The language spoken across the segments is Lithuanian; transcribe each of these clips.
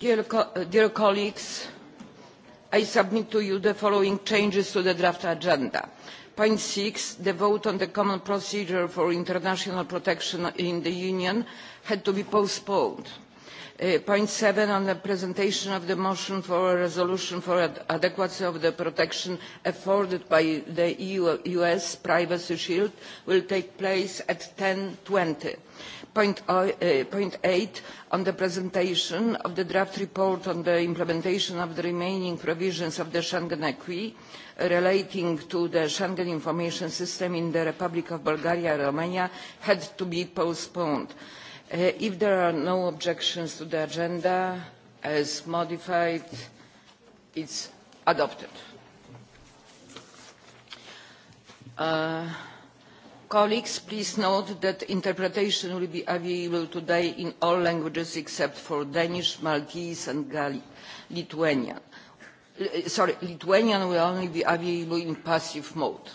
Dear, co dear colleagues, I submit to you the following changes to the draft agenda. Point six, the vote on the common procedure for international protection in the Union had to be postponed Uh, point seven on the presentation of the motion for a resolution for ad adequacy of the protection afforded by the EU US privacy shield will take place at 10.20. Point, uh, point eight on the presentation of the draft report on the implementation of the remaining provisions of the Schengen Acquis relating to the Schengen information system in the Republic of Bulgaria and Romania had to be postponed. Uh, Uh, if there are no objections to the agenda as modified it is adopted. Uh, colleagues please note that interpretation will be available today in all languages except for danish maltese and Gali lithuanian. Uh, sorry lithuanian will only be available in passive mode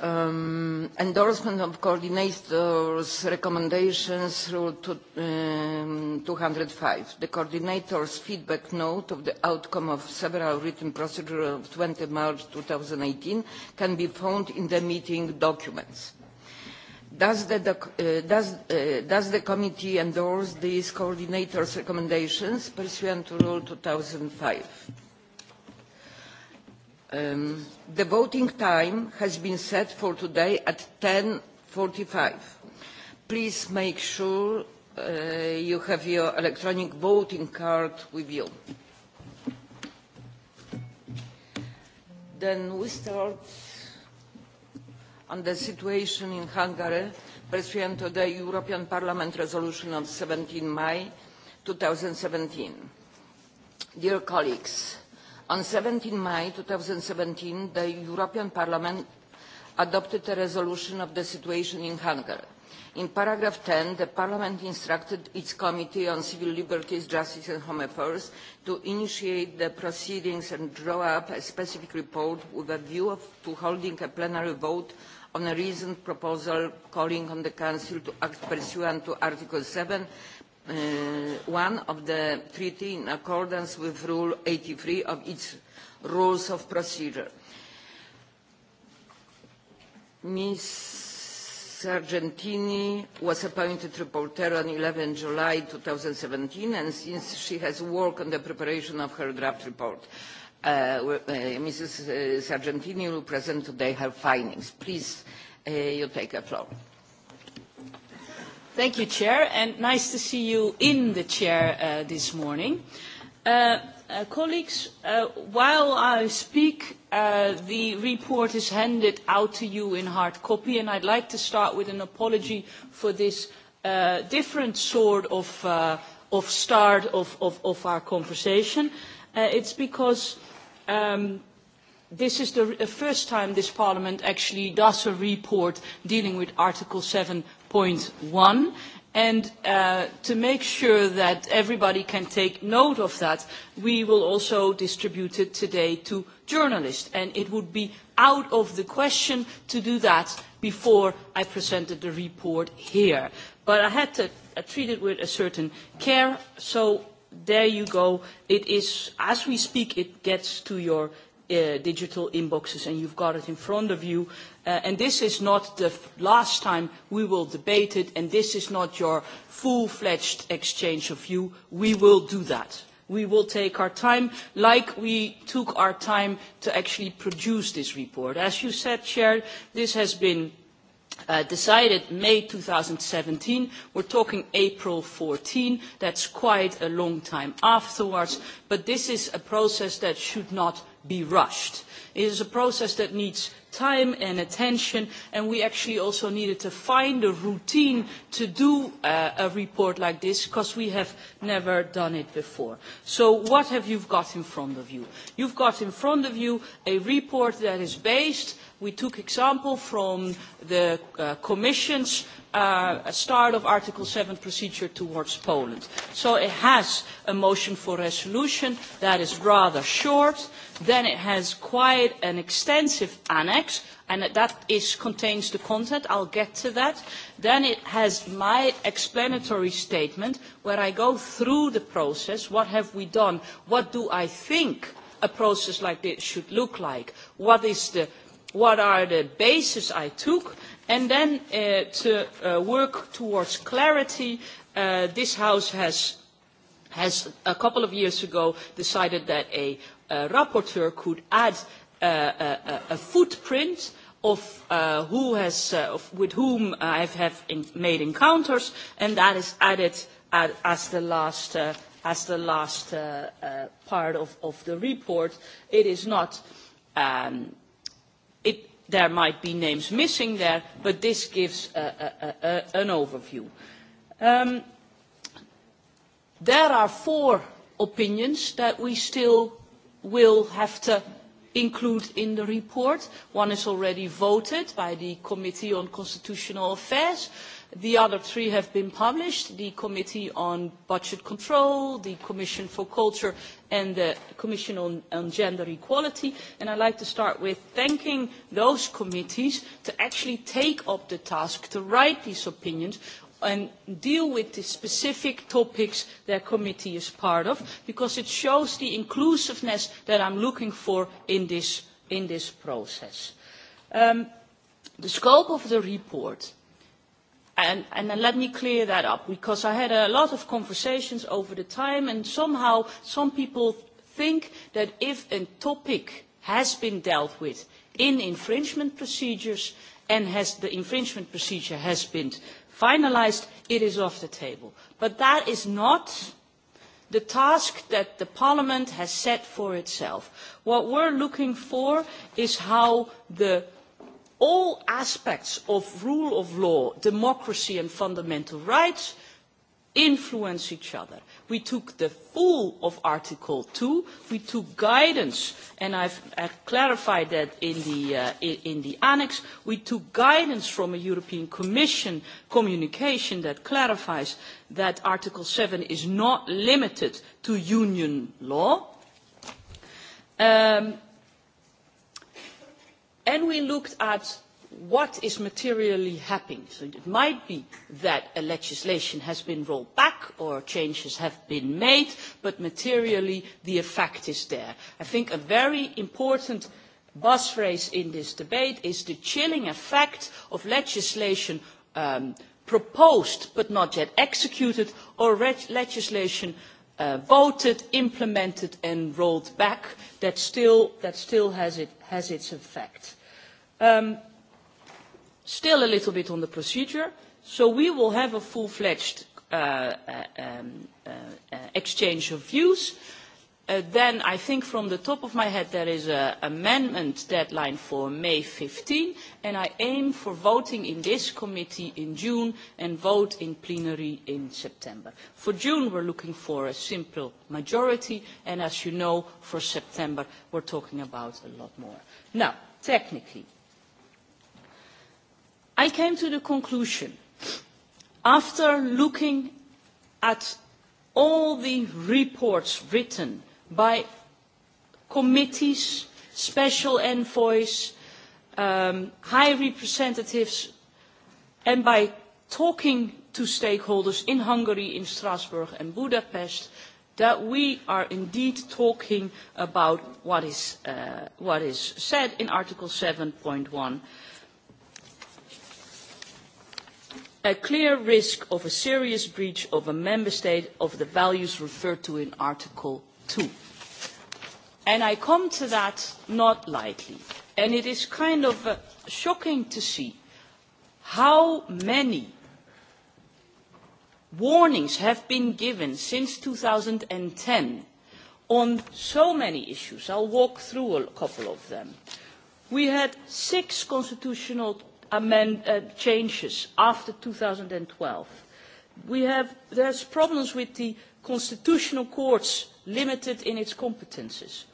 um, endorsement of coordinators' recommendations through to, um, 205, the coordinators' feedback note of the outcome of several written procedures of 20 March 2018 can be found in the meeting documents. Does the, doc, uh, does, uh, does the committee endorse these coordinators' recommendations pursuant to Rule 2005? Um, the voting time has been set for today at 10.45. Please make sure uh, you have your electronic voting card with you. Then we start on the situation in Hungary pursuant to the European Parliament resolution of 17 May 2017. Dear colleagues, On 17 May 2017, the European Parliament adopted a resolution of the situation in Hungary. In paragraph 10, the Parliament instructed its Committee on Civil Liberties, Justice and Home Affairs to initiate the proceedings and draw up a specific report with a view of, to holding a plenary vote on a recent proposal calling on the Council to act pursuant to Article 7 uh, 1 of the treaty in accordance with Rule 83 of its rules of procedure. Ms. Sargentini was appointed reporter on 11 July 2017, and since she has worked on the preparation of her draft report, uh, uh, Mrs. Uh, Sargentini will present today her findings. Please, uh, you take the floor. Thank you, Chair, and nice to see you in the Chair uh, this morning. Uh, uh, colleagues, uh, while I speak, uh, the report is handed out to you in hard copy, and I'd like to start with an apology for this uh, different sort of, uh, of start of, of, of our conversation. Uh, it's because um, this is the first time this parliament actually does a report dealing with article 7 point one and uh, to make sure that everybody can take note of that, we will also distribute it today to journalists. And it would be out of the question to do that before I presented the report here. But I had to uh, treat it with a certain care, so there you go. It is, as we speak, it gets to your uh, digital inboxes and you've got it in front of you. Uh, and this is not the last time we will debate it and this is not your full-fledged exchange of view. We will do that. We will take our time like we took our time to actually produce this report. As you said, Chair, this has been uh, decided May 2017. We're talking April 14. That's quite a long time afterwards. But this is a process that should not be rushed. It is a process that needs time and attention, and we actually also needed to find a routine to do uh, a report like this, because we have never done it before. So what have you got in front of you? You've got in front of you a report that is based, we took example from the uh, Commission's uh, start of Article 7 procedure towards Poland. So it has a motion for resolution that is rather short, uh, Then it has quite an extensive annex, and that is, contains the content. I'll get to that. Then it has my explanatory statement, where I go through the process. What have we done? What do I think a process like this should look like? What, is the, what are the bases I took? And then uh, to uh, work towards clarity, uh, this House has has a couple of years ago decided that a uh, rapporteur could add uh, a, a footprint of uh, who has, uh, of, with whom I have, have in, made encounters, and that is added at, as the last, uh, as the last uh, uh, part of, of the report. It is not, um, it, there might be names missing there, but this gives a, a, a, an overview. Um, there are four opinions that we still will have to include in the report. One is already voted by the Committee on Constitutional Affairs. The other three have been published, the Committee on Budget Control, the Commission for Culture and the Commission on, on Gender Equality. And I'd like to start with thanking those committees to actually take up the task to write these opinions, and deal with the specific topics their committee is part of because it shows the inclusiveness that I'm looking for in this, in this process. Um, the scope of the report And, and let me clear that up because I had a lot of conversations over the time and somehow some people think that if a topic has been dealt with in infringement procedures and has, the infringement procedure has been finalised it is off the table. but that is not the task that the parliament has set for itself. what we are looking for is how the, all aspects of rule of law democracy and fundamental rights influence each other. We took the full of Article 2. We took guidance, and I've, I've clarified that in the, uh, in the annex. We took guidance from a European Commission communication that clarifies that Article 7 is not limited to union law. Um, and we looked at what is materially happening. So it might be that a legislation has been rolled back or changes have been made, but materially the effect is there. I think a very important buzz phrase in this debate is the chilling effect of legislation um, proposed but not yet executed or legislation uh, voted, implemented and rolled back that still, that still has, it, has its effect. Um, still a little bit on the procedure. So we will have a full-fledged uh, uh, um, uh, uh exchange of views. Uh, then I think from the top of my head there is an amendment deadline for May 15, and I aim for voting in this committee in June and vote in plenary in September. For June we're looking for a simple majority, and as you know, for September we're talking about a lot more. Now, technically, I came to the conclusion, after looking at all the reports written by committees, special envoys, um, high representatives, and by talking to stakeholders in Hungary, in Strasbourg and Budapest, that we are indeed talking about what is, uh, what is said in Article 7.1 a clear risk of a serious breach of a member state of the values referred to in Article 2. And I come to that not lightly. And it is kind of uh, shocking to see how many warnings have been given since 2010 on so many issues. I'll walk through a couple of them. We had six constitutional amend, uh, changes after 2012. We have, there's problems with the constitutional courts limited in its competences.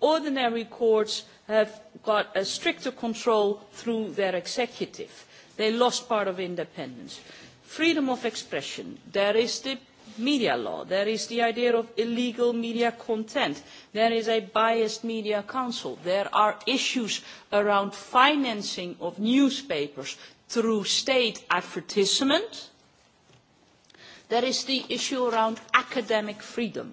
Ordinary courts have got a stricter control through their executive. They lost part of independence. Freedom of expression. There is the media law. There is the idea of illegal media content. There is a biased media council. There are issues around financing of newspapers through state advertisement. There is the issue around academic freedom.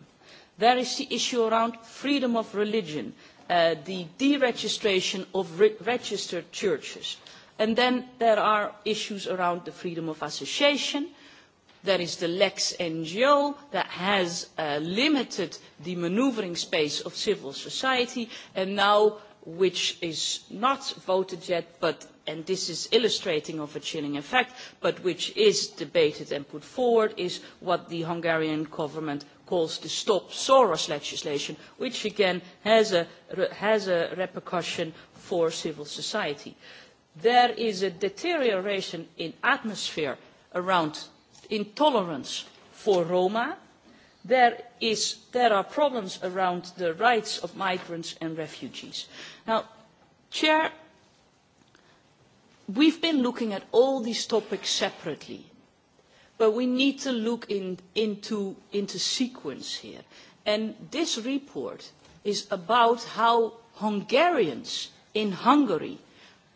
There is the issue around freedom of religion, uh, the deregistration of re registered churches. And then there are issues around the freedom of association, There is the Lex NGO that has uh, limited the maneuvering space of civil society and now which is not voted yet, but, and this is illustrating of a chilling effect, but which is debated and put forward, is what the Hungarian government calls the Stop Soros legislation, which again has a, has a repercussion for civil society. There is a deterioration in atmosphere around intolerance for Roma. There, is, there are problems around the rights of migrants and refugees. Now, Chair, we've been looking at all these topics separately, but we need to look in, into, into sequence here. And this report is about how Hungarians in Hungary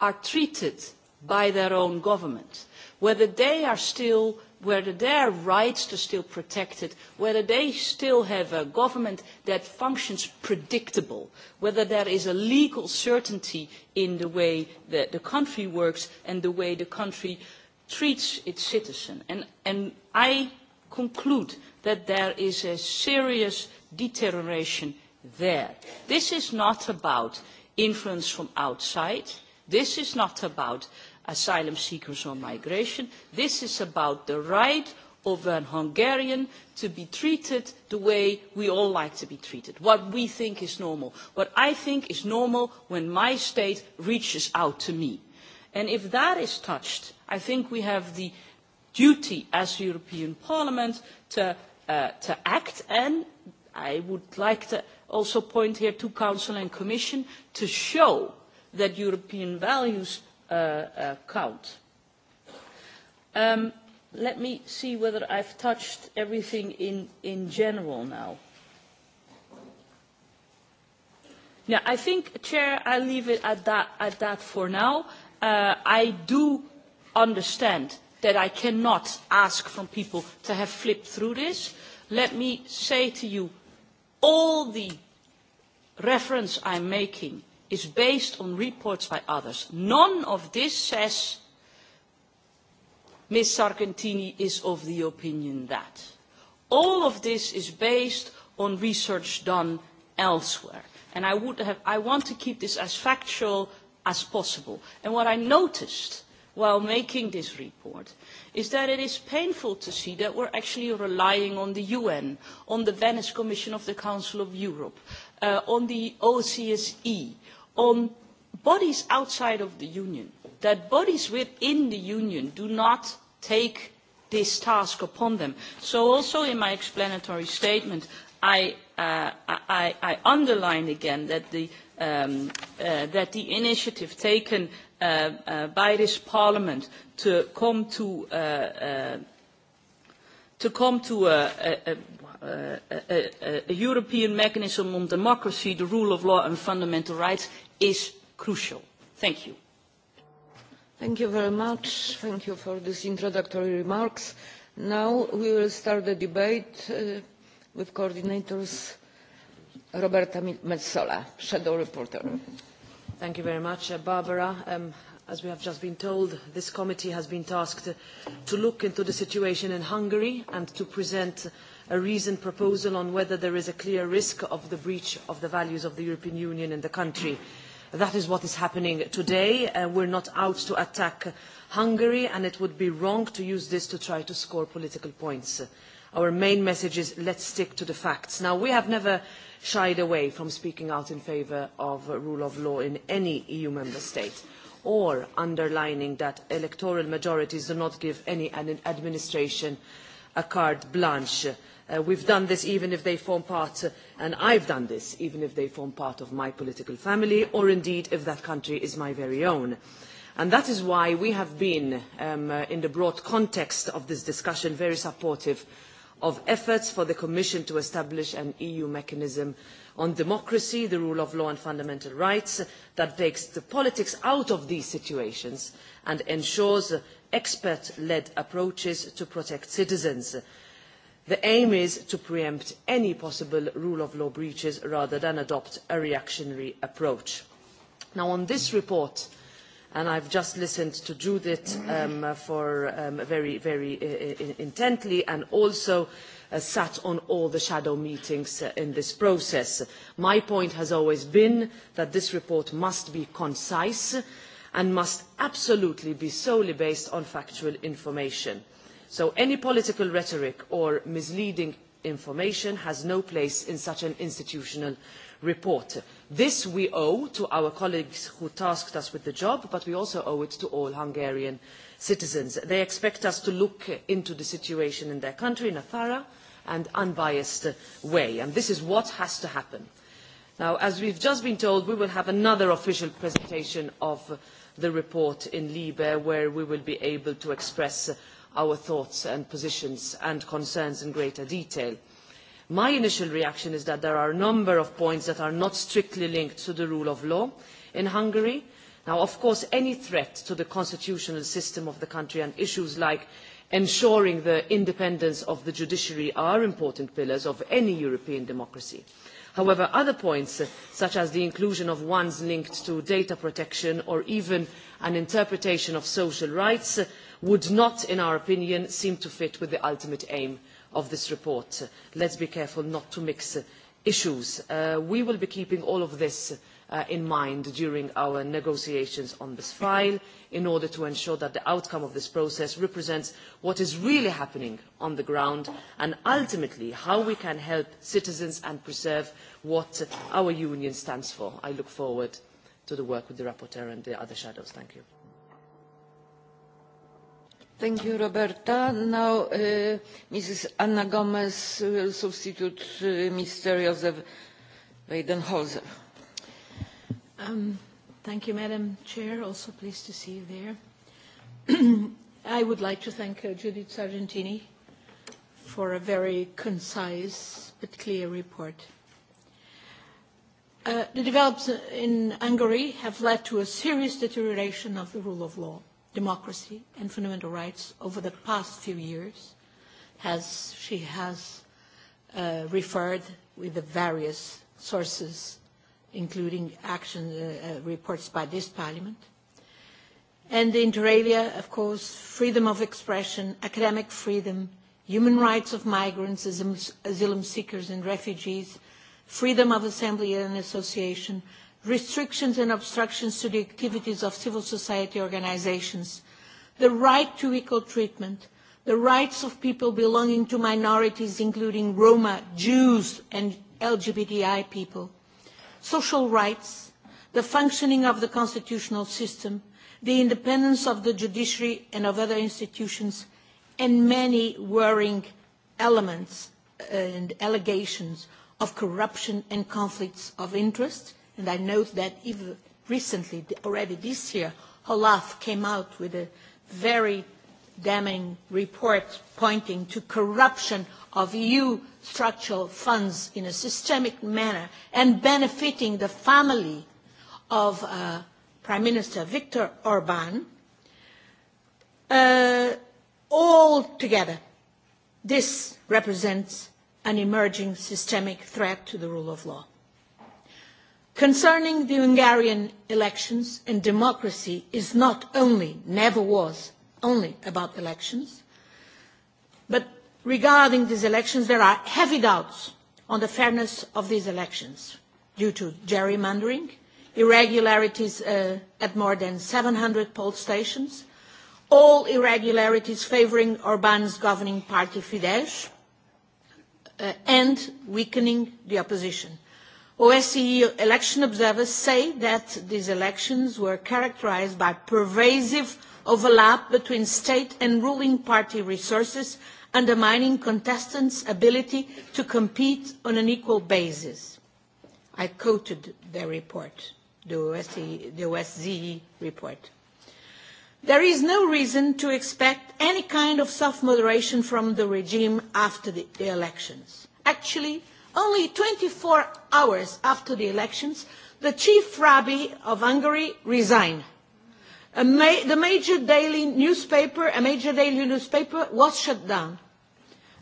are treated by their own government, whether they are still whether their rights are still protected, whether they still have a government that functions predictable, whether there is a legal certainty in the way that the country works and the way the country treats its citizen. And, and I conclude that there is a serious deterioration there. This is not about influence from outside. This is not about uh, asylum seekers on migration. This is about the right of a Hungarian to be treated the way we all like to be treated, what we think is normal, what I think is normal when my state reaches out to me. And if that is touched, I think we have the duty as the European Parliament to, uh, to act and I would like to also point here to Council and Commission to show that European values uh, uh, count. Um, let me see whether I've touched everything in, in general now. Yeah, I think, Chair, I leave it at that, at that for now. Uh, I do understand that I cannot ask from people to have flipped through this. Let me say to you, all the reference I'm making is based on reports by others. None of this says Ms. Sargentini is of the opinion that. All of this is based on research done elsewhere. And I, would have, I want to keep this as factual as possible. And what I noticed while making this report is that it is painful to see that we're actually relying on the UN, on the Venice Commission of the Council of Europe, uh, on the OCSE, on bodies outside of the union that bodies within the union do not take this task upon them. so also in my explanatory statement i, uh, I, I underline again that the, um, uh, that the initiative taken uh, uh, by this parliament to come to uh, uh, to come to a, a, a, a, a, a European mechanism on democracy, the rule of law and fundamental rights is crucial. Thank you. Thank you very much. Thank you for these introductory remarks. Now we will start the debate uh, with coordinators Roberta Metsola, Shadow Reporter. Thank you very much, uh, Barbara. Um, as we have just been told, this committee has been tasked to, to look into the situation in Hungary and to present a reasoned proposal on whether there is a clear risk of the breach of the values of the European Union in the country. Mm -hmm That is what is happening today. Uh, we're not out to attack Hungary, and it would be wrong to use this to try to score political points. Our main message is let's stick to the facts. Now, we have never shied away from speaking out in favour of rule of law in any EU member state or underlining that electoral majorities do not give any administration a carte blanche. Uh, we've done this even if they form part, uh, and I've done this even if they form part of my political family, or indeed if that country is my very own. And that is why we have been, um, uh, in the broad context of this discussion, very supportive of efforts for the Commission to establish an EU mechanism on democracy, the rule of law and fundamental rights uh, that takes the politics out of these situations and ensures uh, expert-led approaches to protect citizens. Uh, The aim is to preempt any possible rule of law breaches rather than adopt a reactionary approach. Now on this report, and I've just listened to Judith um, for um, very, very uh, uh intently and also uh, sat on all the shadow meetings uh, in this process. My point has always been that this report must be concise and must absolutely be solely based on factual information So any political rhetoric or misleading information has no place in such an institutional report. This we owe to our colleagues who tasked us with the job, but we also owe it to all Hungarian citizens. They expect us to look into the situation in their country in a thorough and unbiased way, and this is what has to happen. Now, as we've just been told, we will have another official presentation of the report in Libe, where we will be able to express our thoughts and positions and concerns in greater detail. My initial reaction is that there are a number of points that are not strictly linked to the rule of law in Hungary. Now, of course, any threat to the constitutional system of the country and issues like ensuring the independence of the judiciary are important pillars of any European democracy. However, other points, such as the inclusion of ones linked to data protection or even an interpretation of social rights, would not, in our opinion, seem to fit with the ultimate aim of this report. Let's be careful not to mix uh, issues. Uh, we will be keeping all of this uh, in mind during our negotiations on this file in order to ensure that the outcome of this process represents what is really happening on the ground and ultimately how we can help citizens and preserve what our union stands for. I look forward to the work with the rapporteur and the other shadows. Thank you. Thank you, Roberta. Now, uh, Mrs. Anna Gomez will uh, substitute uh, Mr. Josef Weidenholzer. Um, thank you, Madam Chair. Also pleased to see you there. I would like to thank uh, Judith Sargentini for a very concise but clear report. Uh, the developments in Hungary have led to a serious deterioration of the rule of law democracy and fundamental rights over the past few years. Has, she has uh, referred with the various sources, including action uh, uh, reports by this parliament. And inter alia, of course, freedom of expression, academic freedom, human rights of migrants, asylum seekers and refugees, freedom of assembly and association, restrictions and obstructions to the activities of civil society organizations, the right to equal treatment, the rights of people belonging to minorities, including Roma, Jews, and LGBTI people, social rights, the functioning of the constitutional system, the independence of the judiciary and of other institutions, and many worrying elements and allegations of corruption and conflicts of interest And I note that even recently, already this year, Olaf came out with a very damning report pointing to corruption of EU structural funds in a systemic manner and benefiting the family of uh, Prime Minister Viktor Orban. Uh, all together, this represents an emerging systemic threat to the rule of law. Concerning the Hungarian elections and democracy is not only, never was, only about elections, but regarding these elections there are heavy doubts on the fairness of these elections due to gerrymandering, irregularities uh, at more than 700 poll stations, all irregularities favouring Orban's governing party Fidesz, uh, and weakening the opposition OSCE election observers say that these elections were characterized by pervasive overlap between state and ruling party resources, undermining contestants' ability to compete on an equal basis. I quoted their report, the OSCE, the OSCE report. There is no reason to expect any kind of soft moderation from the regime after the, the elections. Actually, Only 24 hours after the elections, the chief rabbi of Hungary resigned. A ma- the major daily newspaper, a major daily newspaper was shut down.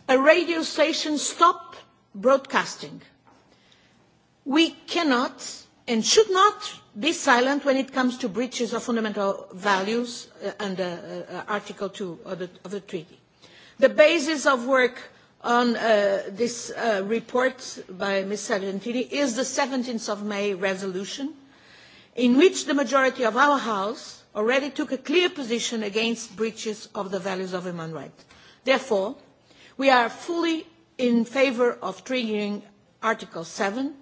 A radio station stopped broadcasting. We cannot and should not be silent when it comes to breaches of fundamental values uh, under uh, uh Article 2 of the, of the treaty. The basis of work on uh, this uh, report by Ms. Sargentini is the 17th of May resolution, in which the majority of our House already took a clear position against breaches of the values of human rights. Therefore, we are fully in favour of triggering Article 7,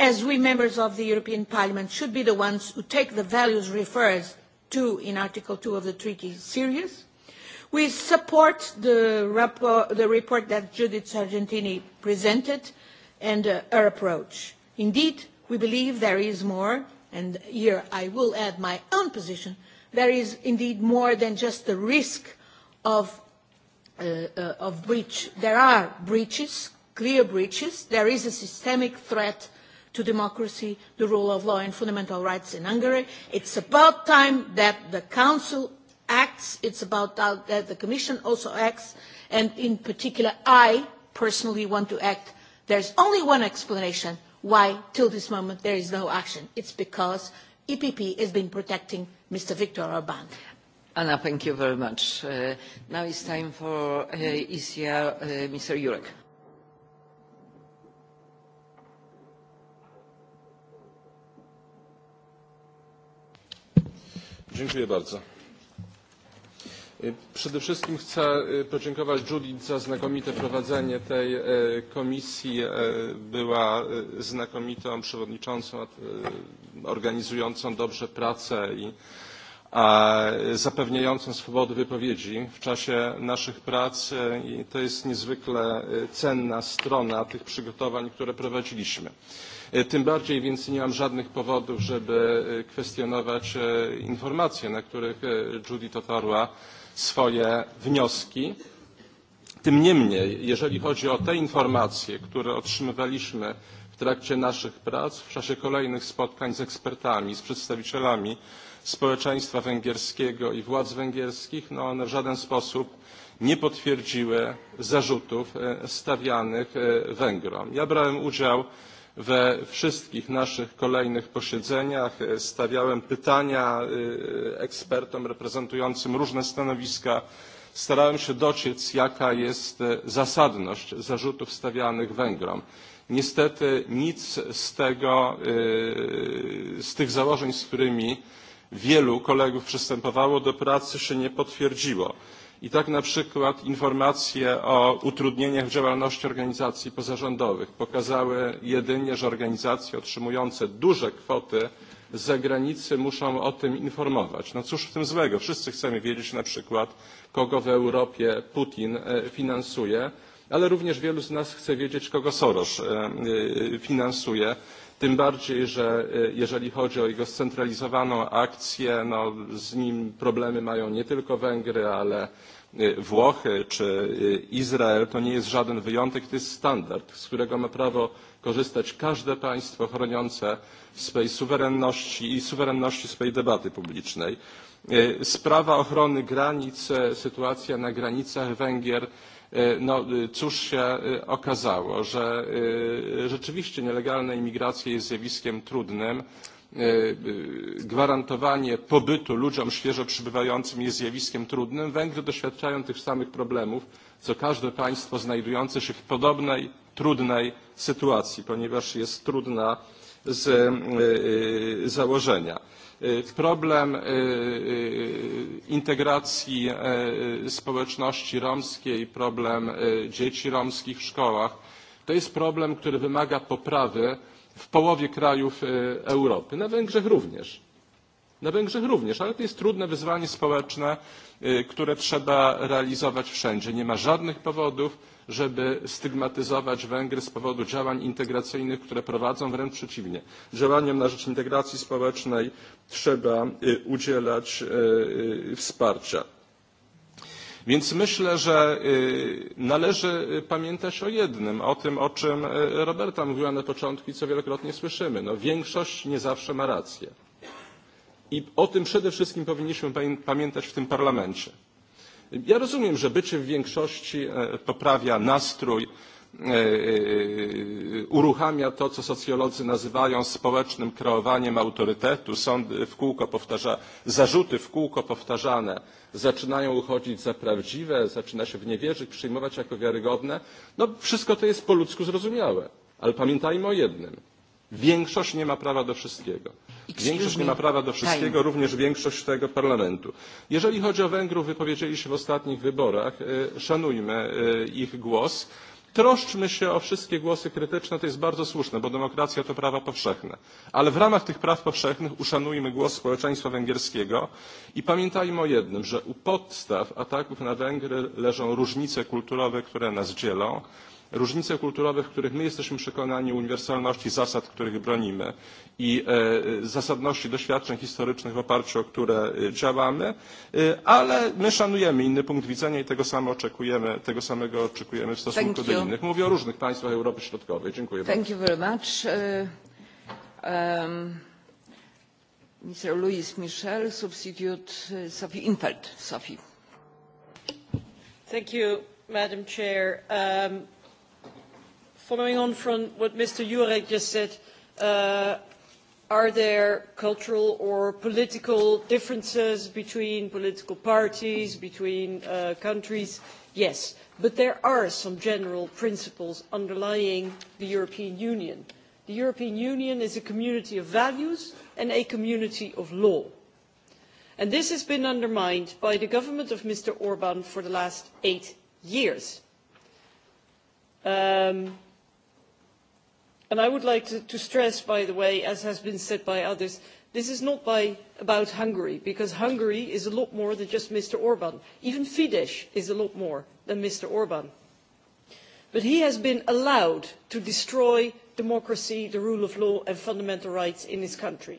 as we members of the European Parliament should be the ones who take the values referred to in Article 2 of the treaty serious We support the, rapport, the report that Judith Sargentini presented and uh, her approach. Indeed, we believe there is more, and here I will add my own position, there is indeed more than just the risk of, uh, uh, of breach. There are breaches, clear breaches. There is a systemic threat to democracy, the rule of law and fundamental rights in Hungary. It's about time that the Council acts. It's about that the Commission also acts, and in particular, I personally want to act. There's only one explanation why, till this moment, there is no action. It's because EPP has been protecting Mr. Viktor Orban. Anna, thank you very much. Uh, now it's time for uh, ECR, uh, Mr. Jurek. dziękuję bardzo. Przede wszystkim chcę podziękować Judith za znakomite prowadzenie tej komisji. Była znakomitą przewodniczącą, organizującą dobrze pracę i zapewniającą swobodę wypowiedzi w czasie naszych prac i to jest niezwykle cenna strona tych przygotowań, które prowadziliśmy. Tym bardziej więc nie mam żadnych powodów, żeby kwestionować informacje, na których Judith otarła swoje wnioski. Tym niemniej, jeżeli chodzi o te informacje, które otrzymywaliśmy w trakcie naszych prac, w czasie kolejnych spotkań z ekspertami, z przedstawicielami społeczeństwa węgierskiego i władz węgierskich, no one w żaden sposób nie potwierdziły zarzutów e, stawianych e, Węgrom. Ja brałem udział we wszystkich naszych kolejnych posiedzeniach e, stawiałem pytania e, ekspertom reprezentującym różne stanowiska starałem się dociec jaka jest e, zasadność zarzutów stawianych węgrom. niestety nic z tego z tych założeń z którymi wielu kolegów przystępowało do pracy się nie potwierdziło. I tak na przykład informacje o utrudnieniach w działalności organizacji pozarządowych pokazały jedynie, że organizacje otrzymujące duże kwoty z zagranicy muszą o tym informować. No cóż w tym złego? Wszyscy chcemy wiedzieć na przykład, kogo w Europie Putin e, finansuje, ale również wielu z nas chce wiedzieć, kogo Soros e, e, finansuje Tym bardziej, że e, jeżeli chodzi o jego scentralizowaną akcję, no, z nim problemy mają nie tylko Węgry, ale e, Włochy czy e, Izrael. To nie jest żaden wyjątek, to jest standard, z którego ma prawo korzystać każde państwo chroniące swej suwerenności i suwerenności swej debaty publicznej. Sprawa ochrony granic, sytuacja na granicach Węgier E, no e, cóż się e, okazało, że rzeczywiście nielegalna imigracja jest zjawiskiem trudnym. Gwarantowanie pobytu ludziom świeżo przybywającym jest zjawiskiem trudnym. Węgry doświadczają tych samych problemów, co każde państwo znajdujące się w podobnej, trudnej sytuacji, ponieważ jest trudna E, e, z założenia. E, problem integracji społeczności romskiej, problem dzieci romskich w szkołach to jest problem, który wymaga poprawy w połowie krajów Europy, na Węgrzech również na Węgrzech również, ale to jest trudne wyzwanie społeczne, które trzeba realizować wszędzie. Nie ma żadnych powodów, żeby stygmatyzować Węgry z powodu działań integracyjnych, które prowadzą, wręcz przeciwnie. Działaniom na rzecz integracji społecznej trzeba udzielać wsparcia. Więc myślę, że należy pamiętać o jednym, o tym, o czym Roberta mówiła na początku i co wielokrotnie słyszymy. No, większość nie zawsze ma rację. I o tym przede wszystkim powinniśmy pamiętać w tym parlamencie. Ja rozumiem, że bycie w większości e, poprawia nastrój, e, e, uruchamia to, co socjolodzy nazywają społecznym kreowaniem autorytetu. Sądy w kółko powtarza, zarzuty w kółko powtarzane zaczynają uchodzić za prawdziwe, zaczyna się w nie wierzyć, przyjmować jako wiarygodne. No wszystko to jest po ludzku zrozumiałe. Ale pamiętajmy o jednym. Większość nie ma prawa do wszystkiego. Większość nie ma prawa do wszystkiego, również większość tego parlamentu. Jeżeli chodzi o Węgrów, wypowiedzieli się w ostatnich wyborach. Szanujmy ich głos. Troszczmy się o wszystkie głosy krytyczne, to jest bardzo słuszne, bo demokracja to prawa powszechne. Ale w ramach tych praw powszechnych uszanujmy głos społeczeństwa węgierskiego i pamiętajmy o jednym, że u podstaw ataków na Węgry leżą różnice kulturowe, które nas dzielą różnice kulturowe, w których my jesteśmy przekonani o uniwersalności zasad, których bronimy i e, zasadności doświadczeń historycznych, w oparciu o które e, działamy, e, ale my szanujemy inny punkt widzenia i tego, samo oczekujemy, tego samego oczekujemy w stosunku do innych. Mówię o różnych państwach Europy Środkowej. Dziękuję Thank bardzo. You very much. Um, Mr. Louis Michel, substitute Sophie Infeld. Sophie. Thank you, Madam Chair. Um, following on from what Mr. Jurek just said, uh, are there cultural or political differences between political parties, between uh, countries? Yes, but there are some general principles underlying the European Union. The European Union is a community of values and a community of law. And this has been undermined by the government of Mr. Orban for the last eight years. Um, and i would like to, to stress by the way as has been said by others this is not by, about hungary because hungary is a lot more than just mr orban even fidesz is a lot more than mr orban but he has been allowed to destroy democracy the rule of law and fundamental rights in his country.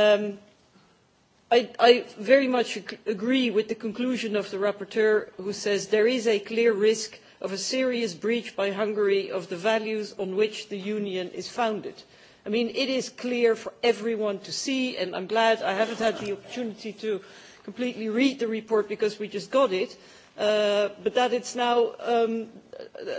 Um, I, i very much agree with the conclusion of the rapporteur who says there is a clear risk of a serious breach by Hungary of the values on which the Union is founded. I mean, it is clear for everyone to see, and I'm glad I haven't had the opportunity to completely read the report because we just got it, uh, but that it's now um,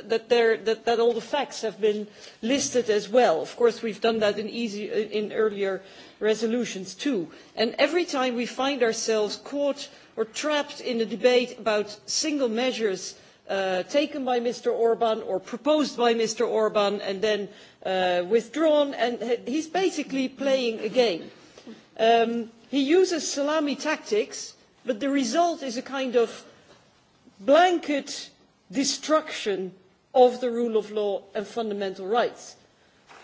that, there, that, that all the facts have been listed as well. Of course, we've done that in, easy, in earlier resolutions too. And every time we find ourselves caught or trapped in a debate about single measures uh, taken by Mr. Orban or proposed by Mr. Orban and then uh, withdrawn. And he's basically playing a game. Um, he uses salami tactics, but the result is a kind of blanket destruction of the rule of law and fundamental rights.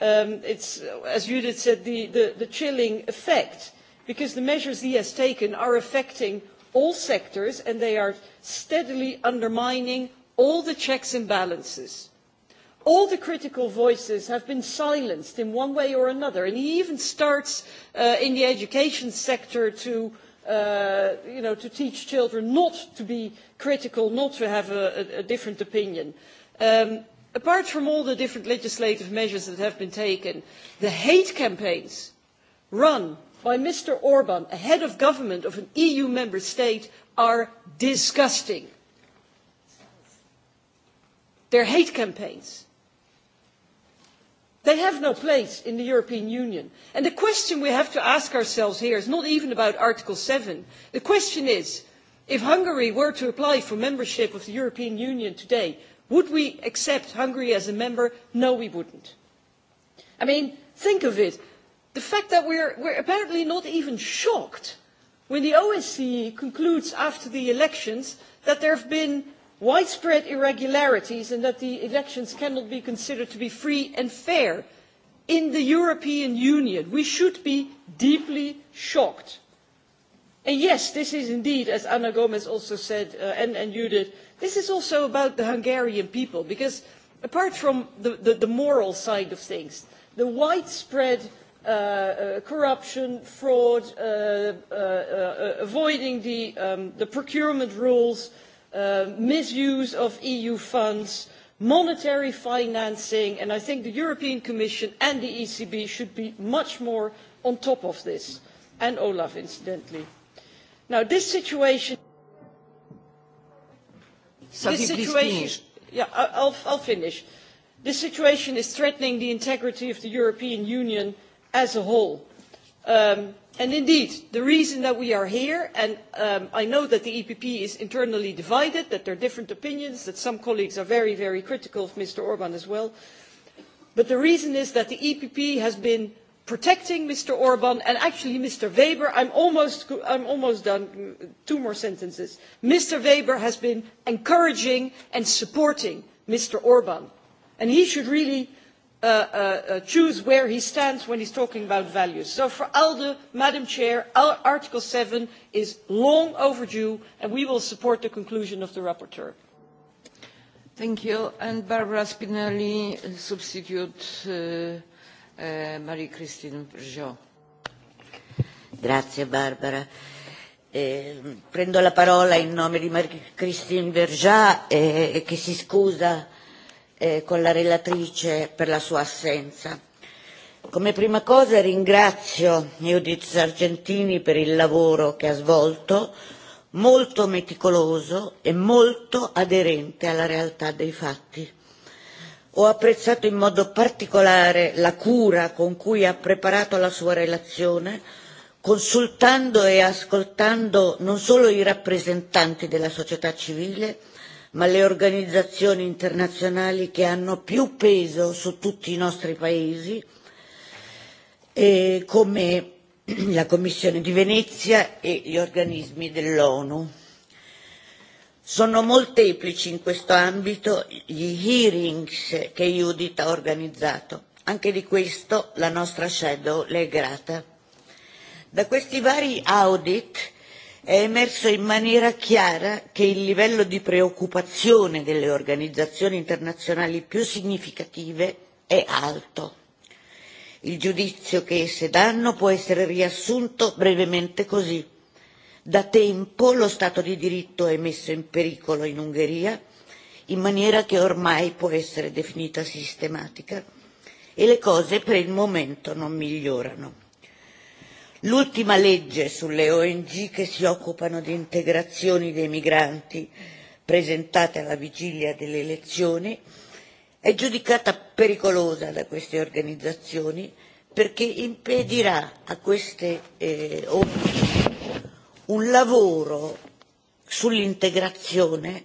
Um, it's, as Judith said, the, the, the chilling effect, because the measures he has taken are affecting all sectors and they are steadily undermining all the checks and balances. all the critical voices have been silenced in one way or another and he even starts uh, in the education sector to Uh, you know, to teach children not to be critical, not to have a, a, a different opinion. Um, apart from all the different legislative measures that have been taken, the hate campaigns run by mr orbn a head of government of an eu member state are disgusting. they are hate campaigns. they have no place in the european union. and the question we have to ask ourselves here is not even about article seven the question is if hungary were to apply for membership of the european union today would we accept hungary as a member? no we would not. i mean think of it the fact that we're, we're apparently not even shocked when the OSCE concludes after the elections that there have been widespread irregularities and that the elections cannot be considered to be free and fair in the European Union. We should be deeply shocked. And yes, this is indeed, as Anna Gomez also said, uh, and, and you did, this is also about the Hungarian people, because apart from the, the, the moral side of things, the widespread uh, uh, corruption, fraud, uh, uh, uh, avoiding the, um, the procurement rules, uh, misuse of EU funds, monetary financing, and I think the European Commission and the ECB should be much more on top of this, and Olaf, incidentally. Now, this situation... Sophie, this situation yeah, I'll, I'll finish. This situation is threatening the integrity of the European Union as a whole. Um, and indeed the reason that we are here and um, i know that the epp is internally divided that there are different opinions that some colleagues are very very critical of mr orbn as well but the reason is that the epp has been protecting mr orbn and actually mr weber i'm almost i'm almost done two more sentences mr weber has been encouraging and supporting mr orbn and he should really Uh, uh, uh, choose where he stands when he's talking about values. So for ALDE, Madam Chair, Article 7 is long overdue and we will support the conclusion of the rapporteur. Thank you. And Barbara Spinelli, substitute uh, uh, Marie-Christine Peugeot. Grazie Barbara. Eh, prendo la parola in nome di Marie-Christine Vergiat eh, che si scusa eh, con la relatrice per la sua assenza. Come prima cosa ringrazio Judith Sargentini per il lavoro che ha svolto, molto meticoloso e molto aderente alla realtà dei fatti. Ho apprezzato in modo particolare la cura con cui ha preparato la sua relazione, consultando e ascoltando non solo i rappresentanti della società civile, ma le organizzazioni internazionali che hanno più peso su tutti i nostri paesi, eh, come la Commissione di Venezia e gli organismi dell'ONU. Sono molteplici in questo ambito gli hearings che Judith ha organizzato. Anche di questo la nostra shadow le è grata. Da questi vari audit è emerso in maniera chiara che il livello di preoccupazione delle organizzazioni internazionali più significative è alto. Il giudizio che esse danno può essere riassunto brevemente così. Da tempo lo Stato di diritto è messo in pericolo in Ungheria in maniera che ormai può essere definita sistematica e le cose per il momento non migliorano. L'ultima legge sulle ONG che si occupano di integrazioni dei migranti, presentata alla vigilia delle elezioni, è giudicata pericolosa da queste organizzazioni perché impedirà a queste eh, ONG un lavoro sull'integrazione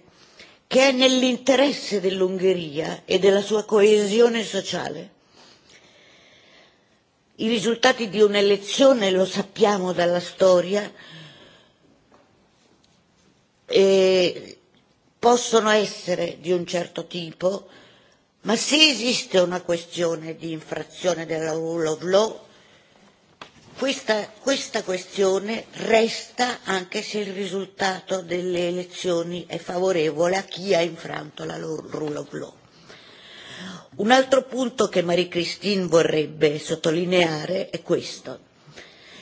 che è nell'interesse dell'Ungheria e della sua coesione sociale I risultati di un'elezione, lo sappiamo dalla storia, eh, possono essere di un certo tipo, ma se esiste una questione di infrazione della rule of law, questa, questa questione resta anche se il risultato delle elezioni è favorevole a chi ha infranto la rule of law. Un altro punto che Marie Christine vorrebbe sottolineare è questo.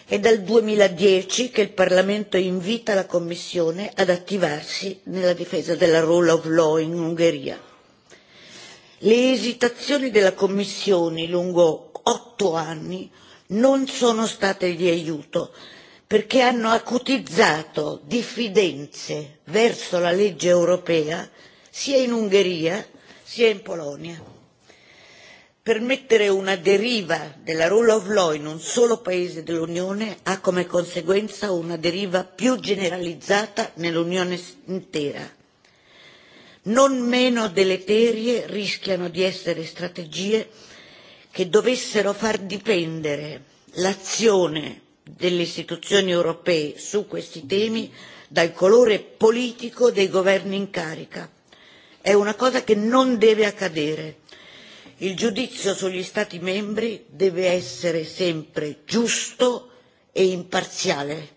È dal 2010 che il Parlamento invita la Commissione ad attivarsi nella difesa della rule of law in Ungheria. Le esitazioni della Commissione lungo otto anni non sono state di aiuto perché hanno acutizzato diffidenze verso la legge europea sia in Ungheria sia in Polonia. Permettere una deriva della rule of law in un solo paese dell'Unione ha come conseguenza una deriva più generalizzata nell'Unione intera. Non meno deleterie rischiano di essere strategie che dovessero far dipendere l'azione delle istituzioni europee su questi temi dal colore politico dei governi in carica. È una cosa che non deve accadere Il giudizio sugli Stati membri deve essere sempre giusto e imparziale,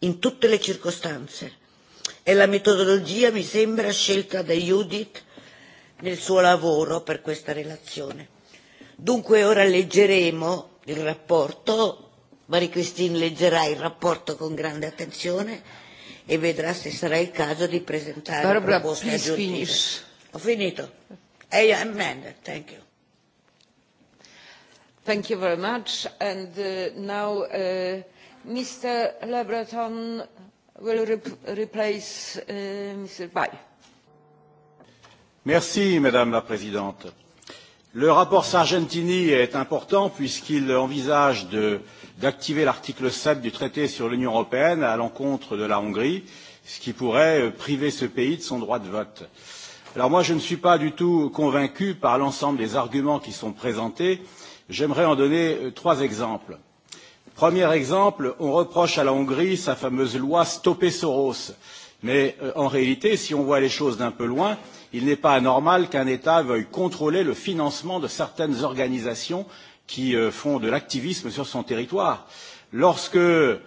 in tutte le circostanze. E la metodologia mi sembra scelta da Judith nel suo lavoro per questa relazione. Dunque ora leggeremo il rapporto, Marie Christine leggerà il rapporto con grande attenzione e vedrà se sarà il caso di presentare Barbara, proposte aggiuntive. Finish. Ho finito. Hey, I'm mad. Thank you thank you very much and uh, now uh, mr le breton will re replace uh, mr bay. Merci, madame la présidente le rapport sargentini est important puisqu'il envisage d'activer l'article sept du traité sur l'union européenne à l'encontre de la hongrie ce qui pourrait euh, priver ce pays de son droit de vote. alors moi je ne suis pas du tout convaincu par l'ensemble des arguments qui sont présentés et J'aimerais en donner euh, trois exemples. Premier exemple, on reproche à la Hongrie sa fameuse loi Stopper Soros. Mais euh, en réalité, si on voit les choses d'un peu loin, il n'est pas anormal qu'un État veuille contrôler le financement de certaines organisations qui euh, font de l'activisme sur son territoire. Lorsque euh,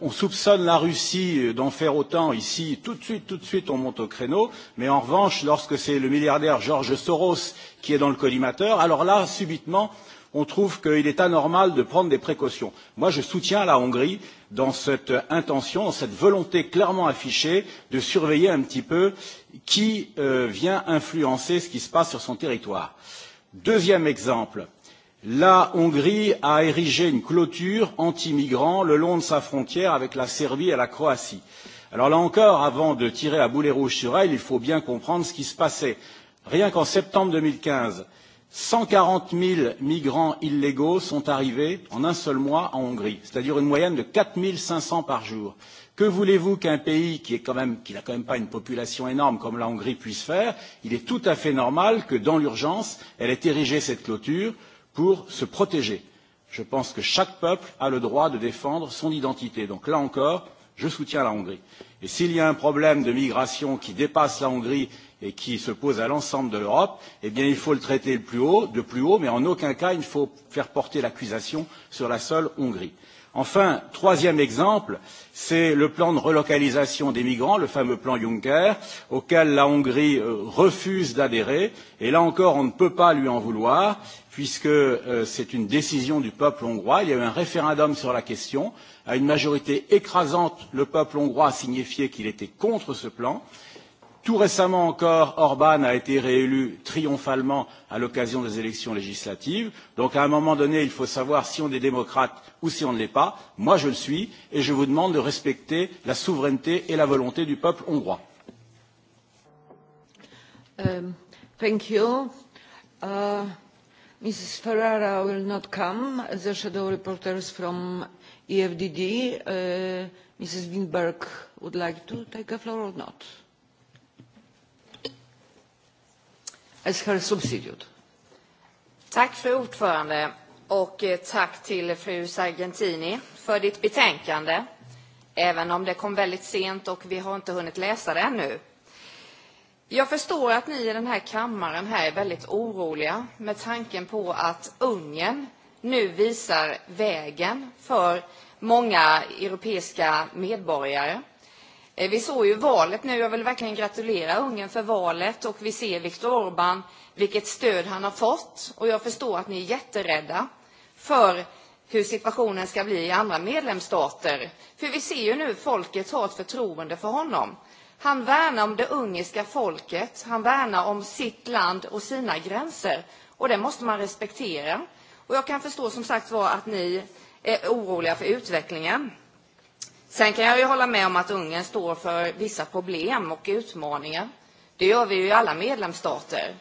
on soupçonne la Russie euh, d'en faire autant ici, tout de suite, tout de suite, on monte au créneau, mais en revanche, lorsque c'est le milliardaire Georges Soros qui est dans le collimateur, alors là, subitement, on trouve qu'il est anormal de prendre des précautions. Moi, je soutiens la Hongrie dans cette intention, dans cette volonté clairement affichée de surveiller un petit peu qui euh, vient influencer ce qui se passe sur son territoire. Deuxième exemple, la Hongrie a érigé une clôture anti-migrants le long de sa frontière avec la Serbie et la Croatie. Alors là encore, avant de tirer à boulet rouge sur elle, il faut bien comprendre ce qui se passait. Rien qu'en septembre 2015, 140 000 migrants illégaux sont arrivés en un seul mois en Hongrie, c'est-à-dire une moyenne de 4 500 par jour. Que voulez-vous qu'un pays qui n'a quand même pas une population énorme comme la Hongrie puisse faire Il est tout à fait normal que dans l'urgence, elle ait érigé cette clôture pour se protéger. Je pense que chaque peuple a le droit de défendre son identité. Donc là encore, je soutiens la Hongrie. Et s'il y a un problème de migration qui dépasse la Hongrie et qui se pose à l'ensemble de l'Europe, eh bien il faut le traiter le plus haut, de plus haut, mais en aucun cas il ne faut faire porter l'accusation sur la seule Hongrie. Enfin, troisième exemple, c'est le plan de relocalisation des migrants, le fameux plan Juncker, auquel la Hongrie euh, refuse d'adhérer. Et là encore, on ne peut pas lui en vouloir, puisque euh, c'est une décision du peuple hongrois. Il y a eu un référendum sur la question. À une majorité écrasante, le peuple hongrois a signifié qu'il était contre ce plan. Euh, Tout récemment encore, Orban a été réélu triomphalement à l'occasion des élections législatives. Donc à un moment donné, il faut savoir si on est démocrate ou si on ne l'est pas. Moi, je le suis et je vous demande de respecter la souveraineté et la volonté du peuple hongrois. Um, thank you. Uh, Mrs. Ferrara will not come as a shadow reporter from EFDD. Uh, Mrs. Winberg would like to take the floor or not? as her substitute. Tack fru ordförande och eh, tack till fru Sargentini för ditt betänkande, även om det kom väldigt sent och vi har inte hunnit läsa det ännu. Jag förstår att ni i den här kammaren här är väldigt oroliga med tanken på att Ungern nu visar vägen för många europeiska medborgare. Eh, vi såg ju valet nu. Jag vill verkligen gratulera Ungern för valet och vi ser Viktor Orbán, vilket stöd han har fått. Och jag förstår att ni är jätterädda för hur situationen ska bli i andra medlemsstater. För vi ser ju nu folket har ett förtroende för honom. Han värnar om det ungerska folket. Han värnar om sitt land och sina gränser. Och det måste man respektera. Och jag kan förstå som sagt var att ni är oroliga för utvecklingen. Sen kan jag ju hålla med om att Ungern står för vissa problem och utmaningar. Det gör vi ju i alla medlemsstater.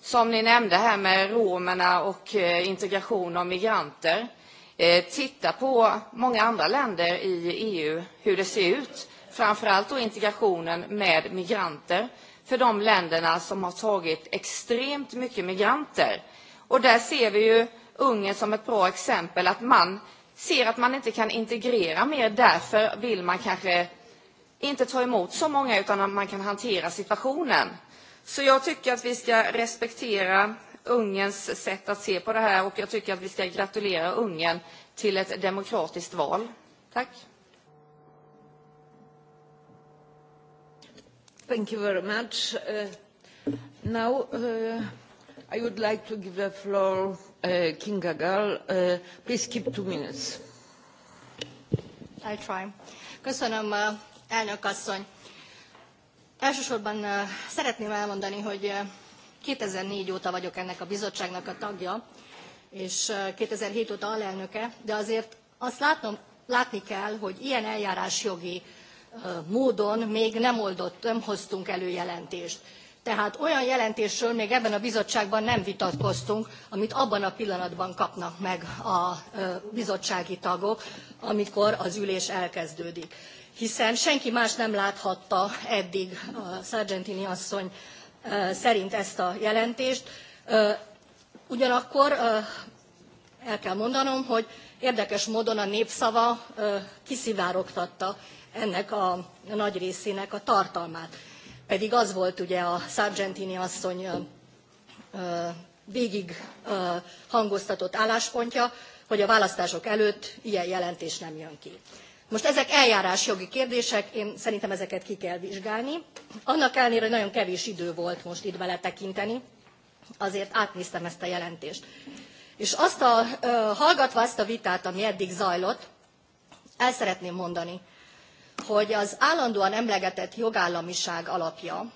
Som ni nämnde här med romerna och eh, integration av migranter. Eh, titta på många andra länder i EU, hur det ser ut. Framförallt då integrationen med migranter för de länderna som har tagit extremt mycket migranter. Och där ser vi ju Ungern som ett bra exempel att man ser att man inte kan integrera mer. Därför vill man kanske inte ta emot så många utan att man kan hantera situationen. Så jag tycker att vi ska respektera Ungerns sätt att se på det här och jag tycker att vi ska gratulera Ungern till ett demokratiskt val. Tack. Thank you very much. Uh, now uh, I would like to give the floor uh, Kinga Gall. Uh, please keep two minutes. I'll try. Köszönöm, uh, elnök asszony. Elsősorban uh, szeretném elmondani, hogy 2004 uh, óta vagyok ennek a bizottságnak a tagja, és 2007 óta alelnöke, de azért azt látnom, látni kell, hogy ilyen eljárásjogi módon még nem oldott, nem hoztunk előjelentést. jelentést Tehát olyan jelentésről még ebben a bizottságban nem vitatkoztunk, amit abban a pillanatban kapnak meg a bizottsági tagok, amikor az ülés elkezdődik. Hiszen senki más nem láthatta eddig a Sargentini asszony szerint ezt a jelentést. Ugyanakkor el kell mondanom, hogy érdekes módon a népszava kiszivárogtatta ennek a nagy részének a tartalmát. Pedig az volt ugye a Sargentini asszony végig hangoztatott álláspontja, hogy a választások előtt ilyen jelentés nem jön ki. Most ezek eljárásjogi kérdések, én szerintem ezeket ki kell vizsgálni. Annak ellenére, hogy nagyon kevés idő volt most itt beletekinteni, azért átnéztem ezt a jelentést. És azt a, hallgatva azt a vitát, ami eddig zajlott, el szeretném mondani, hogy az állandóan emlegetett jogállamiság alapja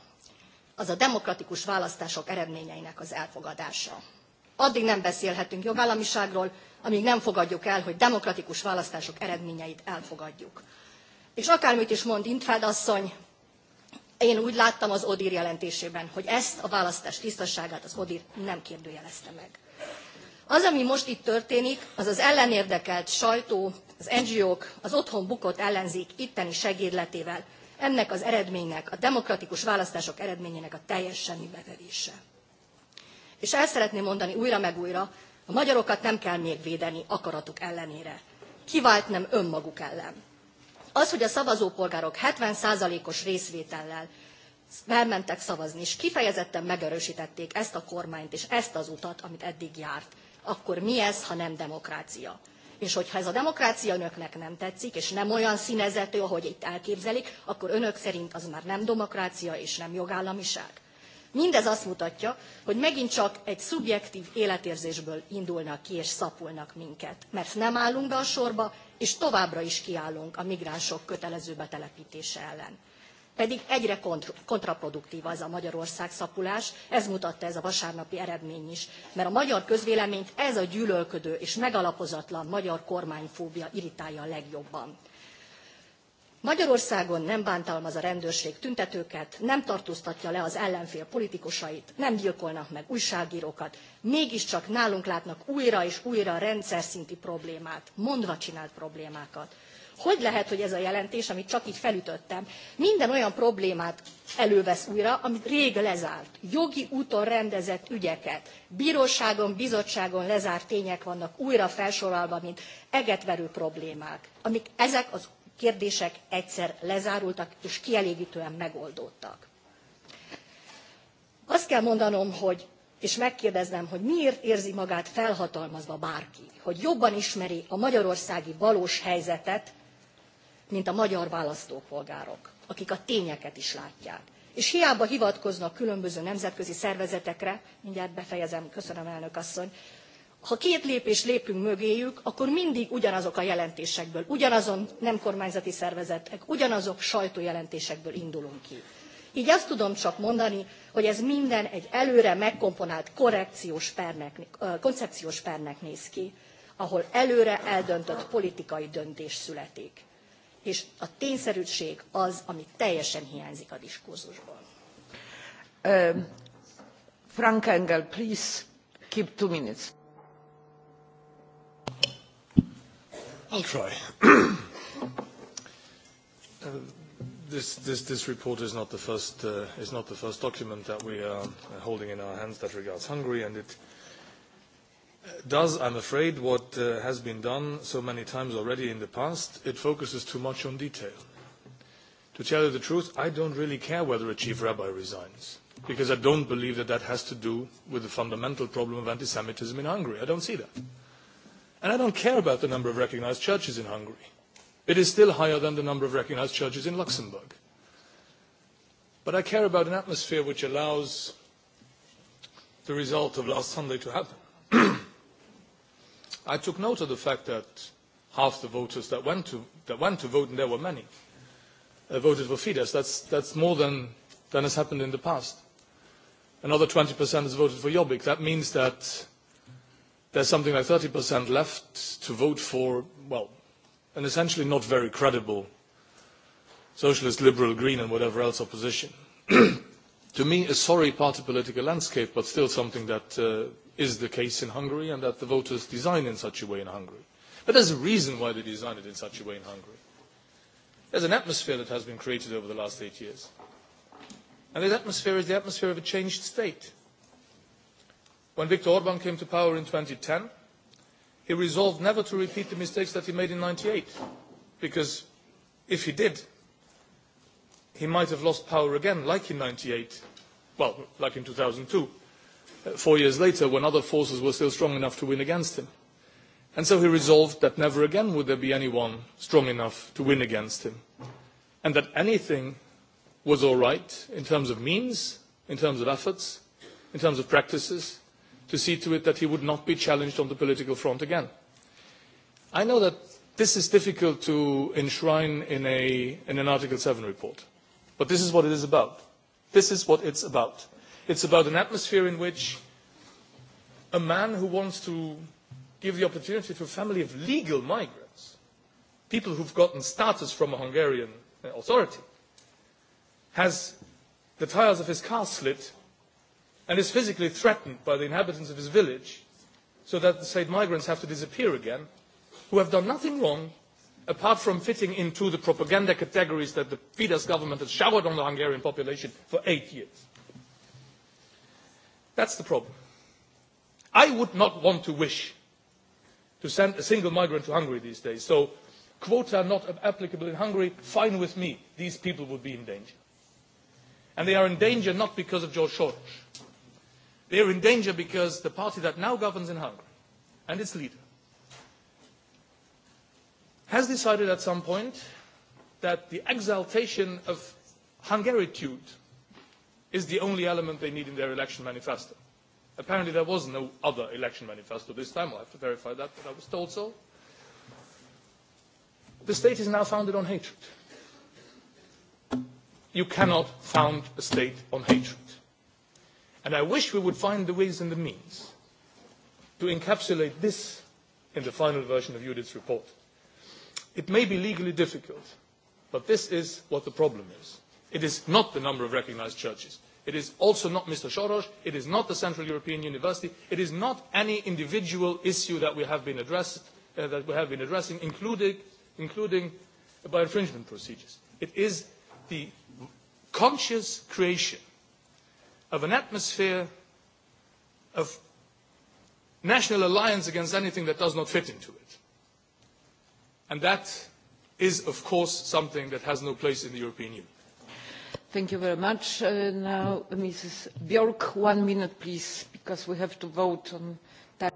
az a demokratikus választások eredményeinek az elfogadása. Addig nem beszélhetünk jogállamiságról, amíg nem fogadjuk el, hogy demokratikus választások eredményeit elfogadjuk. És akármit is mond Intfeld asszony, én úgy láttam az ODIR jelentésében, hogy ezt a választás tisztaságát az ODIR nem kérdőjelezte meg. Az, ami most itt történik, az az ellenérdekelt sajtó az NGO-k az otthon bukott ellenzék itteni segédletével ennek az eredménynek, a demokratikus választások eredményének a teljes semmibe vevése. És el szeretném mondani újra meg újra, a magyarokat nem kell még védeni akaratuk ellenére. Kivált nem önmaguk ellen. Az, hogy a szavazópolgárok 70%-os részvétellel elmentek szavazni, és kifejezetten megerősítették ezt a kormányt és ezt az utat, amit eddig járt, akkor mi ez, ha nem demokrácia? És hogyha ez a demokrácia önöknek nem tetszik, és nem olyan színezető, ahogy itt elképzelik, akkor önök szerint az már nem demokrácia és nem jogállamiság. Mindez azt mutatja, hogy megint csak egy szubjektív életérzésből indulnak ki és szapulnak minket, mert nem állunk be a sorba, és továbbra is kiállunk a migránsok kötelező betelepítése ellen pedig egyre kontraproduktív az a Magyarország szapulás, ez mutatta ez a vasárnapi eredmény is. Mert a magyar közvéleményt ez a gyűlölködő és megalapozatlan magyar kormányfóbia irritálja a legjobban. Magyarországon nem bántalmaz a rendőrség tüntetőket, nem tartóztatja le az ellenfél politikusait, nem gyilkolnak meg újságírókat, mégiscsak nálunk látnak újra és újra rendszer szinti problémát, mondva csinált problémákat. Hogy lehet, hogy ez a jelentés, amit csak így felütöttem, minden olyan problémát elővesz újra, amit rég lezárt, jogi úton rendezett ügyeket, bíróságon, bizottságon lezárt tények vannak újra felsorolva, mint egetverő problémák, amik ezek az kérdések egyszer lezárultak és kielégítően megoldódtak. Azt kell mondanom, hogy és megkérdeznem, hogy miért érzi magát felhatalmazva bárki, hogy jobban ismeri a magyarországi valós helyzetet, mint a magyar választópolgárok, akik a tényeket is látják. És hiába hivatkoznak különböző nemzetközi szervezetekre, mindjárt befejezem, köszönöm elnök asszony, ha két lépés lépünk mögéjük, akkor mindig ugyanazok a jelentésekből, ugyanazon nem kormányzati szervezetek, ugyanazok sajtójelentésekből indulunk ki. Így azt tudom csak mondani, hogy ez minden egy előre megkomponált korrekciós pernek, koncepciós pernek néz ki, ahol előre eldöntött politikai döntés születik és a tényszerűség az, ami teljesen hiányzik a diskurzusból. Uh, Frank Engel, please keep two minutes. I'll try. uh, this, this, this report is not the first uh, is not the first document that we are holding in our hands that regards Hungary, and it uh, does, I'm afraid, what uh, has been done so many times already in the past. It focuses too much on detail. To tell you the truth, I don't really care whether a chief rabbi resigns, because I don't believe that that has to do with the fundamental problem of anti-Semitism in Hungary. I don't see that. And I don't care about the number of recognized churches in Hungary. It is still higher than the number of recognized churches in Luxembourg. But I care about an atmosphere which allows the result of last Sunday to happen. I took note of the fact that half the voters that went to, that went to vote, and there were many, uh, voted for Fidesz. That's, that's more than, than has happened in the past. Another 20% has voted for Jobbik. That means that there's something like 30% left to vote for, well, an essentially not very credible socialist, liberal, green, and whatever else opposition. to me, a sorry part of political landscape, but still something that uh, is the case in Hungary and that the voters design in such a way in Hungary. But there's a reason why they designed it in such a way in Hungary. There's an atmosphere that has been created over the last eight years. And this atmosphere is the atmosphere of a changed state. When Viktor Orban came to power in 2010, he resolved never to repeat the mistakes that he made in 98, because if he did, he might have lost power again, like in 98, well, like in 2002, uh, four years later, when other forces were still strong enough to win against him. And so he resolved that never again would there be anyone strong enough to win against him, and that anything was all right in terms of means, in terms of efforts, in terms of practices, to see to it that he would not be challenged on the political front again. I know that this is difficult to enshrine in, a, in an Article 7 report. But this is what it is about. This is what it's about. It's about an atmosphere in which a man who wants to give the opportunity to a family of legal migrants, people who've gotten status from a Hungarian uh, authority, has the tires of his car slit and is physically threatened by the inhabitants of his village so that the said migrants have to disappear again, who have done nothing wrong apart from fitting into the propaganda categories that the Fidesz government has showered on the Hungarian population for eight years. That's the problem. I would not want to wish to send a single migrant to Hungary these days. So quota not applicable in Hungary, fine with me. These people would be in danger. And they are in danger not because of George Soros. They are in danger because the party that now governs in Hungary and its leader has decided at some point that the exaltation of Hungarytude is the only element they need in their election manifesto. Apparently there was no other election manifesto this time. I'll have to verify that, but I was told so. The state is now founded on hatred. You cannot found a state on hatred. And I wish we would find the ways and the means to encapsulate this in the final version of Judith's report. It may be legally difficult, but this is what the problem is. It is not the number of recognized churches. It is also not Mr. Soros. It is not the Central European University. It is not any individual issue that we have been, addressed, uh, that we have been addressing, including, including by infringement procedures. It is the conscious creation of an atmosphere of national alliance against anything that does not fit into it. And that is, of course, something that has no place in the European Union. Thank you very much. Uh, now, Mrs. Bjork, one minute, please, because we have to vote on that.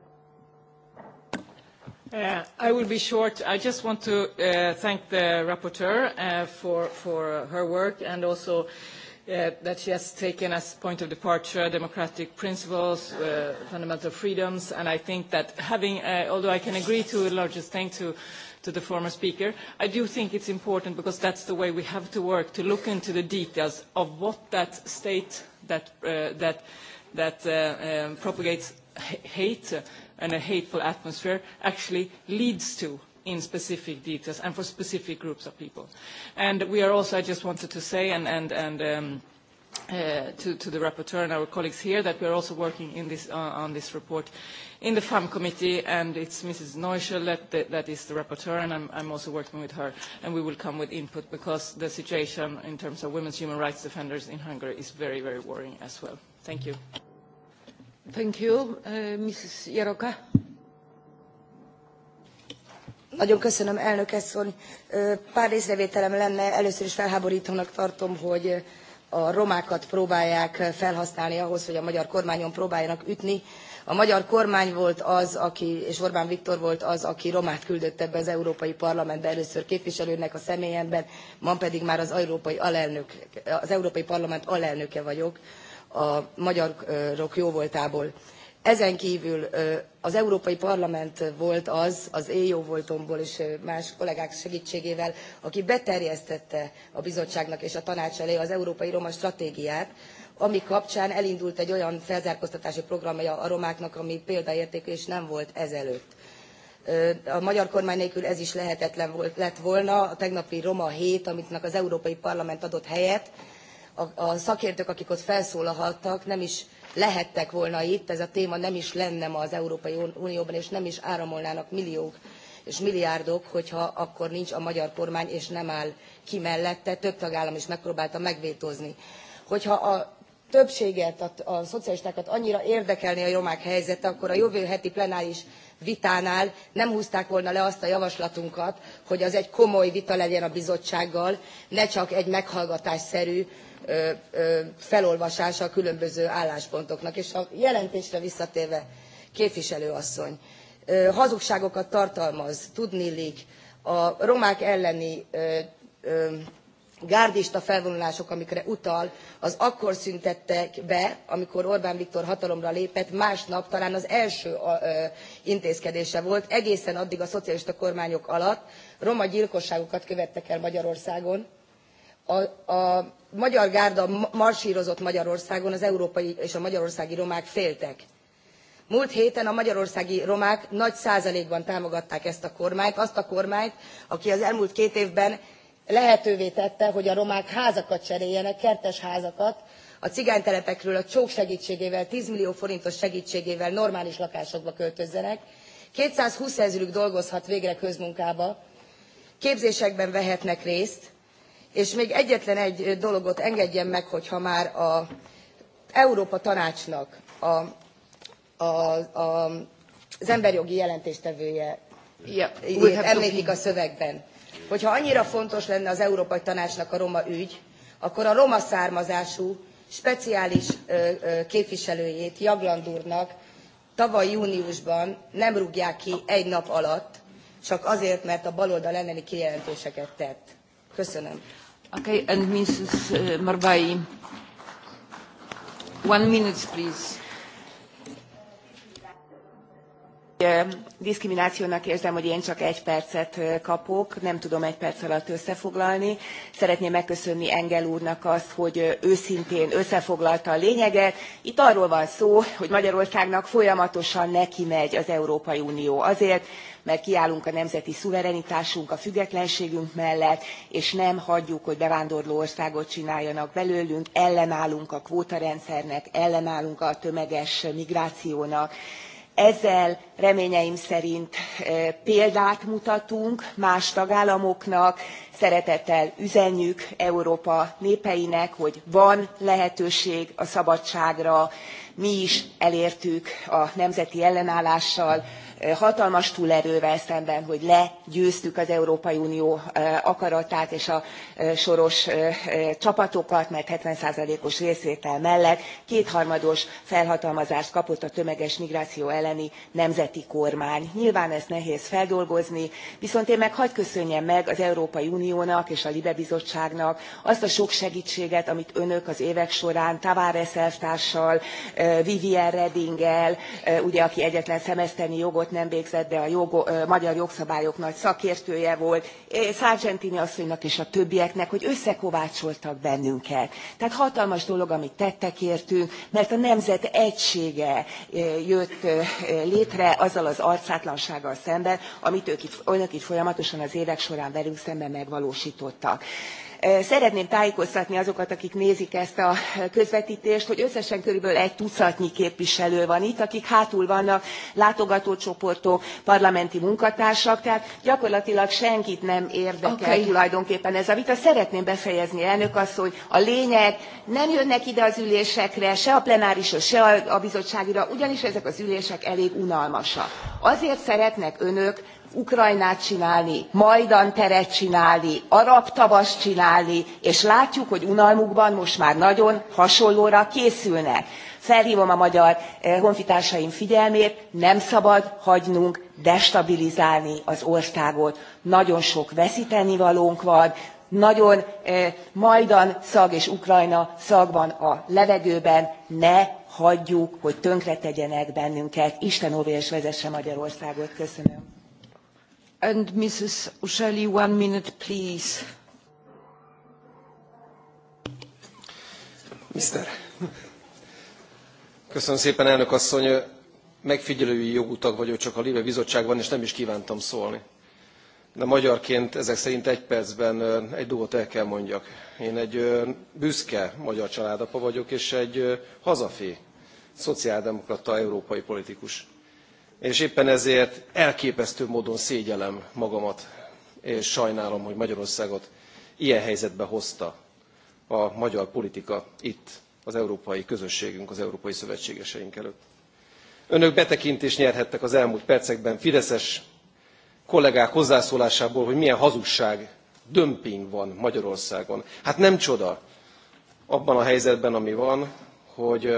Uh, I will be short. I just want to uh, thank the rapporteur uh, for, for her work and also uh, that she has taken as point of departure democratic principles, uh, fundamental freedoms, and I think that having, uh, although I can agree to a large extent to to the former speaker. I do think it's important because that's the way we have to work to look into the details of what that state that, uh, that, that uh, um, propagates hate and a hateful atmosphere actually leads to in specific details and for specific groups of people. And we are also, I just wanted to say, and, and, and um, uh, to, to the rapporteur and our colleagues here that we are also working in this, uh, on this report in the FAM committee, and it's Mrs. Neuschel that, that, that is the rapporteur, and I'm, I'm also working with her, and we will come with input because the situation in terms of women's human rights defenders in Hungary is very, very worrying as well. Thank you. Thank you. Uh, Mrs. Jaroka. Nagyon köszönöm, elnök asszony. Pár észrevételem lenne, először is felháborítónak tartom, hogy a romákat próbálják felhasználni ahhoz, hogy a magyar kormányon próbáljanak ütni. A magyar kormány volt az, aki, és Orbán Viktor volt az, aki romát küldött ebbe az Európai Parlamentbe először képviselőnek a személyemben, ma pedig már az Európai, alelnök, az Európai Parlament alelnöke vagyok a magyarok jóvoltából. voltából Ezen kívül az Európai Parlament volt az, az én jó voltomból és más kollégák segítségével, aki beterjesztette a bizottságnak és a tanács elé az Európai Roma Stratégiát, ami kapcsán elindult egy olyan felzárkóztatási programja a romáknak, ami példaértékű és nem volt ezelőtt. A magyar kormány nélkül ez is lehetetlen volt, lett volna. A tegnapi Roma hét, amitnek az Európai Parlament adott helyet, a, a szakértők, akik ott felszólalhattak, nem is lehettek volna itt, ez a téma nem is lenne ma az Európai Unióban, és nem is áramolnának milliók és milliárdok, hogyha akkor nincs a magyar kormány, és nem áll ki mellette. Több tagállam is megpróbálta megvétózni. Hogyha a többséget, a, a szocialistákat annyira érdekelni a romák helyzete, akkor a jövő heti plenáris vitánál nem húzták volna le azt a javaslatunkat, hogy az egy komoly vita legyen a bizottsággal, ne csak egy meghallgatásszerű felolvasása a különböző álláspontoknak. És a jelentésre visszatérve, képviselő asszony, hazugságokat tartalmaz, tudnélik, a romák elleni gárdista felvonulások, amikre utal, az akkor szüntettek be, amikor Orbán Viktor hatalomra lépett, másnap talán az első intézkedése volt, egészen addig a szocialista kormányok alatt roma gyilkosságokat követtek el Magyarországon, a, a magyar gárda marsírozott Magyarországon, az európai és a magyarországi romák féltek. Múlt héten a magyarországi romák nagy százalékban támogatták ezt a kormányt, azt a kormányt, aki az elmúlt két évben lehetővé tette, hogy a romák házakat cseréljenek, kertes házakat, a cigánytelepekről a csók segítségével, 10 millió forintos segítségével normális lakásokba költözzenek. 220 ezerük dolgozhat végre közmunkába, képzésekben vehetnek részt, És még egyetlen egy dologot engedjen meg, hogyha már az Európa Tanácsnak a, a, a, az emberjogi jelentéstevője yeah, említik a szövegben. Hogyha annyira fontos lenne az Európai Tanácsnak a roma ügy, akkor a roma származású speciális ö, ö, képviselőjét, Jaglandúrnak tavaly júniusban nem rúgják ki egy nap alatt, csak azért, mert a baloldal elleni kijelentéseket tett. Köszönöm. Okay, and Mrs. Uh, Marbai. One minute, please. diszkriminációnak érzem hogy én csak egy percet kapok nem tudom egy perc alatt összefoglalni szeretném megköszönni engel úrnak azt hogy őszintén összefoglalta a lényeget itt arról van szó hogy magyarországnak folyamatosan nekimegy az európai unió azért mert kiállunk a nemzeti szuverenitásunk, a függetlenségünk mellett, és nem hagyjuk, hogy bevándorló országot csináljanak belőlünk, ellenállunk a kvótarendszernek, ellenállunk a tömeges migrációnak ezzel reményeim szerint e, példát mutatunk más tagállamoknak szeretettel üzenjük európa népeinek hogy van lehetőség a szabadságra mi is elértük a nemzeti ellenállással hatalmas túlerővel szemben, hogy legyőztük az Európai Unió akaratát és a soros csapatokat, mert 70%-os részvétel mellett kétharmados felhatalmazást kapott a tömeges migráció elleni nemzeti kormány. Nyilván ezt nehéz feldolgozni, viszont én meg hagy köszönjem meg az Európai Uniónak és a Libe Bizottságnak azt a sok segítséget, amit önök az évek során Tavares elvtársal, Vivian Redinggel, ugye aki egyetlen szemeszternyi jogot doktorat nem végzett, de a jog, magyar jogszabályok nagy szakértője volt, Sargentini asszonynak és a többieknek, hogy összekovácsoltak bennünket. Tehát hatalmas dolog, amit tettek értünk, mert a nemzet egysége jött létre azzal az arcátlansággal szemben, amit ők itt, önök itt folyamatosan az évek során velünk szemben megvalósítottak szeretném tájékoztatni azokat akik nézik ezt a közvettést hogy összesen körülbelül egy tucatnyi képviselő van itt akik hátul vannak látogatócsoportok parlamenti munkatársak tehát gyakorlatilag senkit nem érdekel okay. tulajdonképpen ez a vita. szeretném befejezni elnök asszony a lényeg nem jönnek ide az ülésekre se a plenárisra se a bizottságira ugyanis ezek az ülések elég unalmasak. azért szeretnek önök ukrajnát csinálni majdan teret csinálni arab tavaszt csinálni és látjuk hogy unalmukban most már nagyon hasonlóra készülnek. felhvom a magyar eh, honfitársaim figyelmét nem szabad hagynunk destabilizálni az országot nagyon sok vesztenivalónk van nagyon eh, majdan szag és ukrajna szag van a levegőben ne hagyjuk hogy tönkretegyenek bennünket isten óvja és vezesse magyarországot. köszönöm and Mrs. Usheli, one minute, please. Mr. Köszönöm szépen, elnök asszony. Megfigyelői jogutag vagyok, csak a Libe Bizottságban, és nem is kívántam szólni. De magyarként ezek szerint egy percben egy dolgot el kell mondjak. Én egy büszke magyar családapa vagyok, és egy hazafi szociáldemokrata európai politikus és éppen ezért elképesztő módon szégyellem magamat, és sajnálom, hogy Magyarországot ilyen helyzetbe hozta a magyar politika itt, az európai közösségünk, az európai szövetségeseink előtt. Önök betekintést nyerhettek az elmúlt percekben Fideszes kollégák hozzászólásából, hogy milyen hazugság, dömping van Magyarországon. Hát nem csoda abban a helyzetben, ami van, hogy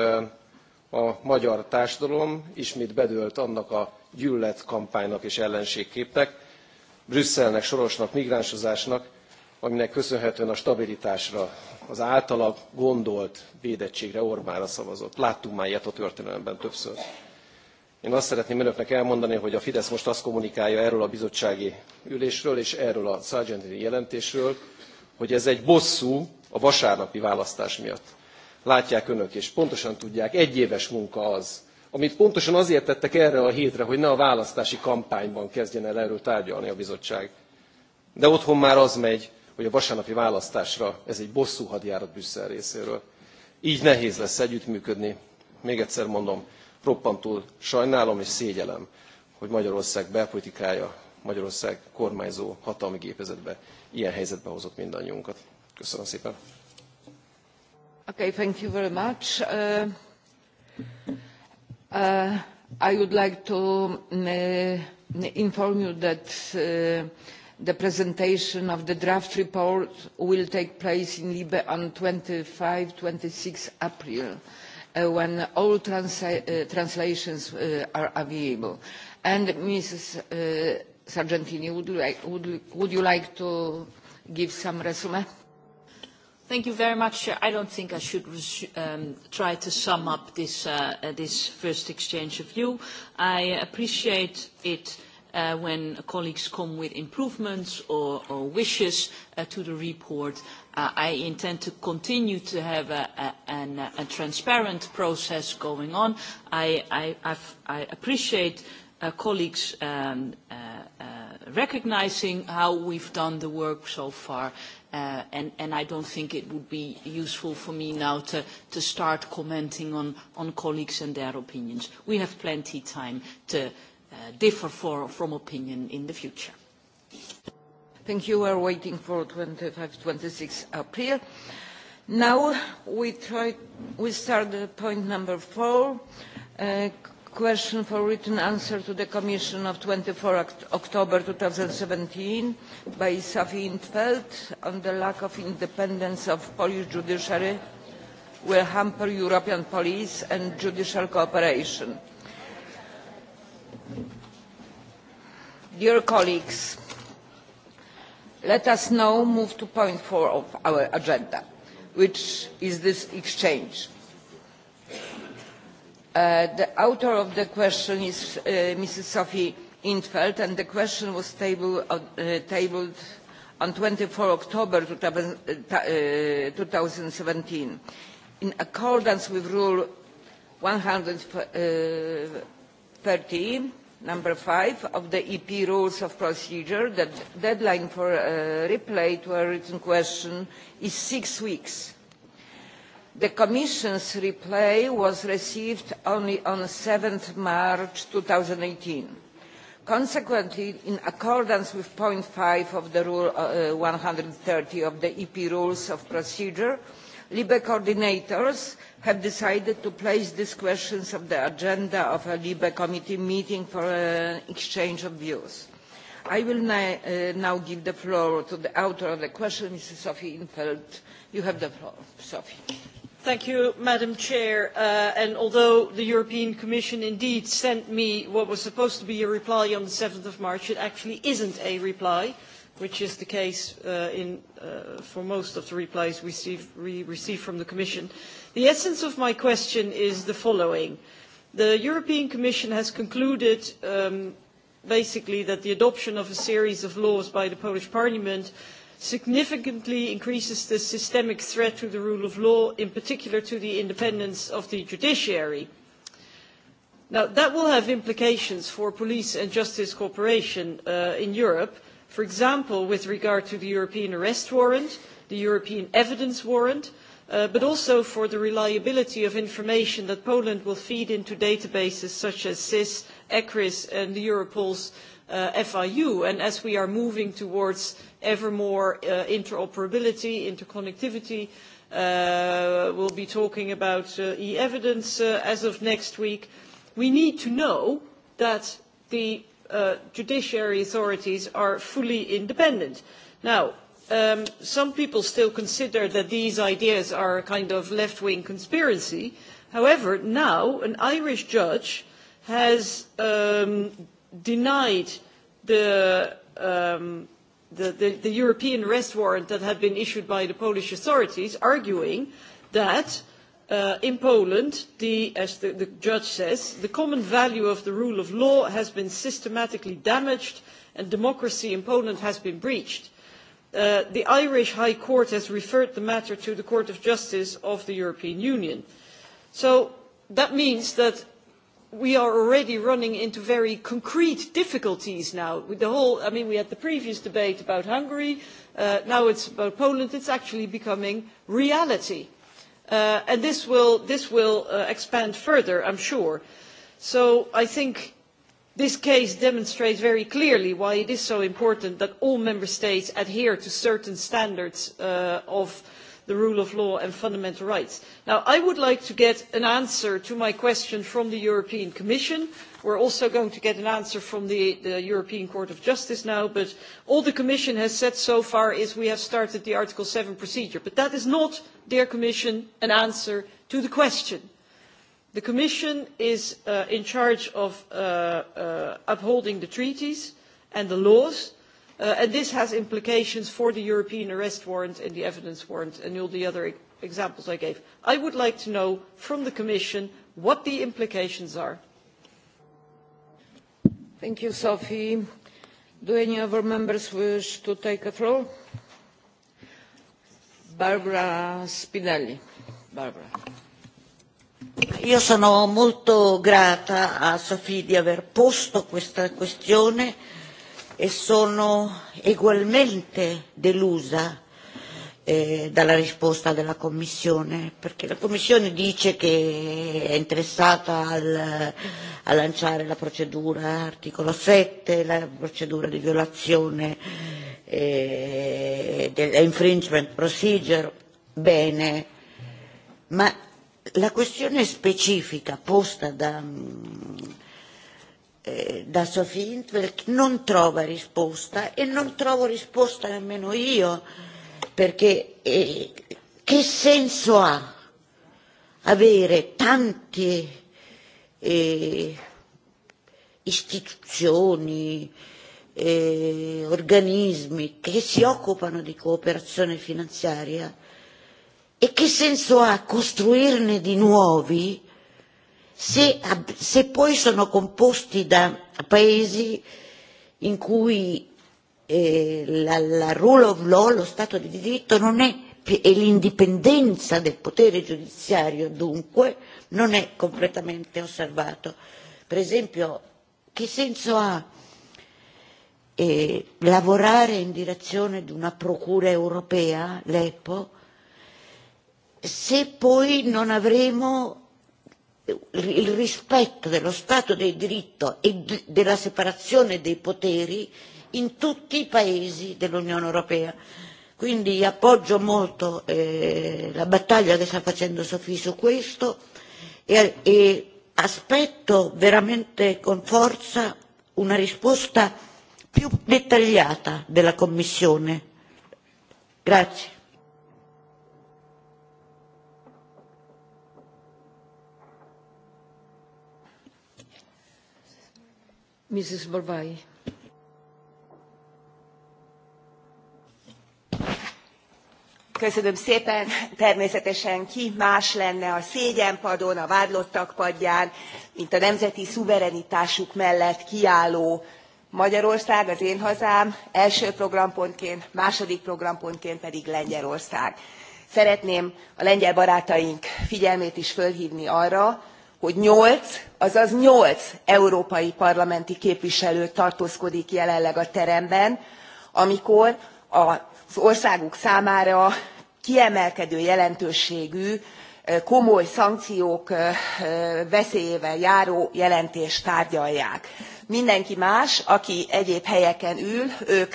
a magyar társadalom ismét bedőlt annak a gyűlöletkampánynak és ellenségképnek brüsszelnek sorosnak migránsozásnak aminek köszönhetően a stabilitásra az általa gondolt védettségre orbánra szavazott. láttunk már ilyet a történelemben többször. én azt szeretném önöknek elmondani hogy a fidesz most azt kommunikálja erről a bizottsági ülésről és erről a sargentini jelentésről hogy ez egy bosszú a vasárnapi választás miatt látják önök, és pontosan tudják, egyéves munka az, amit pontosan azért tettek erre a hétre, hogy ne a választási kampányban kezdjen el erről tárgyalni a bizottság. De otthon már az megy, hogy a vasárnapi választásra ez egy bosszú hadjárat Brüsszel részéről. Így nehéz lesz együttműködni. Még egyszer mondom, roppantul sajnálom és szégyelem, hogy Magyarország belpolitikája, Magyarország kormányzó hatalmi gépezetbe ilyen helyzetbe hozott mindannyiunkat. Köszönöm szépen! Okay, thank you very much. Uh, uh, I would like to uh, inform you that uh, the presentation of the draft report will take place in Libe on 25-26 April uh, when all transla uh, translations uh, are available. And Mrs. Uh, Sargentini, would you, like, would, would you like to give some resume? Thank you very much. I don't think I should um, try to sum up this, uh, uh, this first exchange of view. I appreciate it uh, when colleagues come with improvements or, or wishes uh, to the report. Uh, I intend to continue to have a, a, an, a transparent process going on. I, I, I've, I appreciate uh, colleagues um, uh, uh, recognizing how we've done the work so far Uh, and, and I don't think it would be useful for me now to, to start commenting on, on colleagues and their opinions. We have plenty time to uh, differ for, from opinion in the future. Thank you. We're waiting for 25, 26 April. Now we, try, we start the point number four, uh, question for written answer to the Commission of 24 October 2017 by Safi Intfeld on the lack of independence of Polish judiciary will hamper European police and judicial cooperation. Dear colleagues, let us now move to point four of our agenda, which is this exchange Uh, the author of the question is uh, Mrs. Sophie Intfeld, and the question was table, uh, tabled on 24 October 2017. Uh, uh, In accordance with Rule 130, number 5 of the EP Rules of Procedure, the deadline for a uh, reply to a written question is six weeks The Commission's reply was received only on 7th March 2018. Consequently, in accordance with point 5 of the Rule uh, 130 of the EP Rules of Procedure, LIBE coordinators have decided to place these questions on the agenda of a LIBE committee meeting for an exchange of views. I will na uh, now give the floor to the author of the question, Mrs. Sophie Infeld. You have the floor, Sophie. You, madam president uh, although the european commission indeed sent me what was supposed to be a reply on seven march it actually is not a reply which is the case uh, in, uh, for most of the replies we receive, we receive from the commission. the essence of my question is the following the european commission has concluded um, basically that the adoption of a series of laws by the polish parliament uh, significantly increases the systemic threat to the rule of law, in particular to the independence of the judiciary. Now, that will have implications for police and justice cooperation uh, in Europe, for example, with regard to the European arrest warrant, the European evidence warrant, uh, but also for the reliability of information that Poland will feed into databases such as SIS, ECRIS and the Europol's uh, FIU. And as we are moving towards ever more uh, interoperability, interconnectivity, uh, we'll be talking about uh, e-evidence uh, as of next week. We need to know that the uh, judiciary authorities are fully independent. Now, um, some people still consider that these ideas are a kind of left-wing conspiracy. However, now an Irish judge has um, denied the, um, the, the, the European arrest warrant that had been issued by the Polish authorities, arguing that uh, in Poland, the, as the, the judge says, the common value of the rule of law has been systematically damaged and democracy in Poland has been breached. Uh, the Irish High Court has referred the matter to the Court of Justice of the European Union. So that means that we are already running into very concrete difficulties now. With the whole, I mean, we had the previous debate about Hungary, uh, now it's about Poland. It's actually becoming reality. Uh, and this will, this will uh, expand further, I'm sure. So I think this case demonstrates very clearly why it is so important that all member states adhere to certain standards uh, of uh, the rule of law and fundamental rights. Now, i would like to get an answer to my question from the european commission we are also going to get an answer from the, the european court of justice now but all the commission has said so far is we have started the article seven procedure but that is not dear commission an answer to the question. the commission is uh, in charge of uh, uh, upholding the treaties and the laws Uh, and this has implications for the European arrest warrant and the evidence warrant and all the other e, examples I gave. I would like to know from the Commission what the implications are. Thank you, Sophie. Do any other members wish to take the floor? Barbara Spinelli. Barbara. Io sono molto grata a Sophie di aver posto questa questione e sono ugualmente delusa eh, dalla risposta della Commissione, perché la Commissione dice che è interessata al, a lanciare la procedura articolo 7, la procedura di violazione eh, dell'infringement procedure, bene, ma la questione specifica posta da, eh, da Sophie Intwerk non trova risposta e non trovo risposta nemmeno io, perché eh, che senso ha avere tante eh, istituzioni, eh, organismi che si occupano di cooperazione finanziaria e che senso ha costruirne di nuovi se, se poi sono composti da paesi in cui eh, la, la rule of law, lo Stato di diritto, non è, e l'indipendenza del potere giudiziario dunque non è completamente osservato. Per esempio, che senso ha eh, lavorare in direzione di una procura europea, l'EPO, se poi non avremo il rispetto dello Stato del diritto e della separazione dei poteri in tutti i paesi dell'Unione Europea. Quindi appoggio molto eh, la battaglia che sta facendo Sofì su questo e, e aspetto veramente con forza una risposta più dettagliata della Commissione. Grazie. Mrs. Borbai. Köszönöm szépen. Természetesen ki más lenne a szégyenpadon, a vádlottak padján, mint a nemzeti szuverenitásuk mellett kiálló magyarország az én hazám első programpontként második programpontként pedig lengyelország. szeretném a lengyel barátaink figyelmét is fölhvni arra hogy nyolc azaz nyolc európai parlamenti képviselő tartózkodik jelenleg a teremben amikor az országuk számára kiemelkedő jelentőségű komoly szankciók veszélyével járó jelentést tárgyalják. mindenki más aki egyéb helyeken ül ők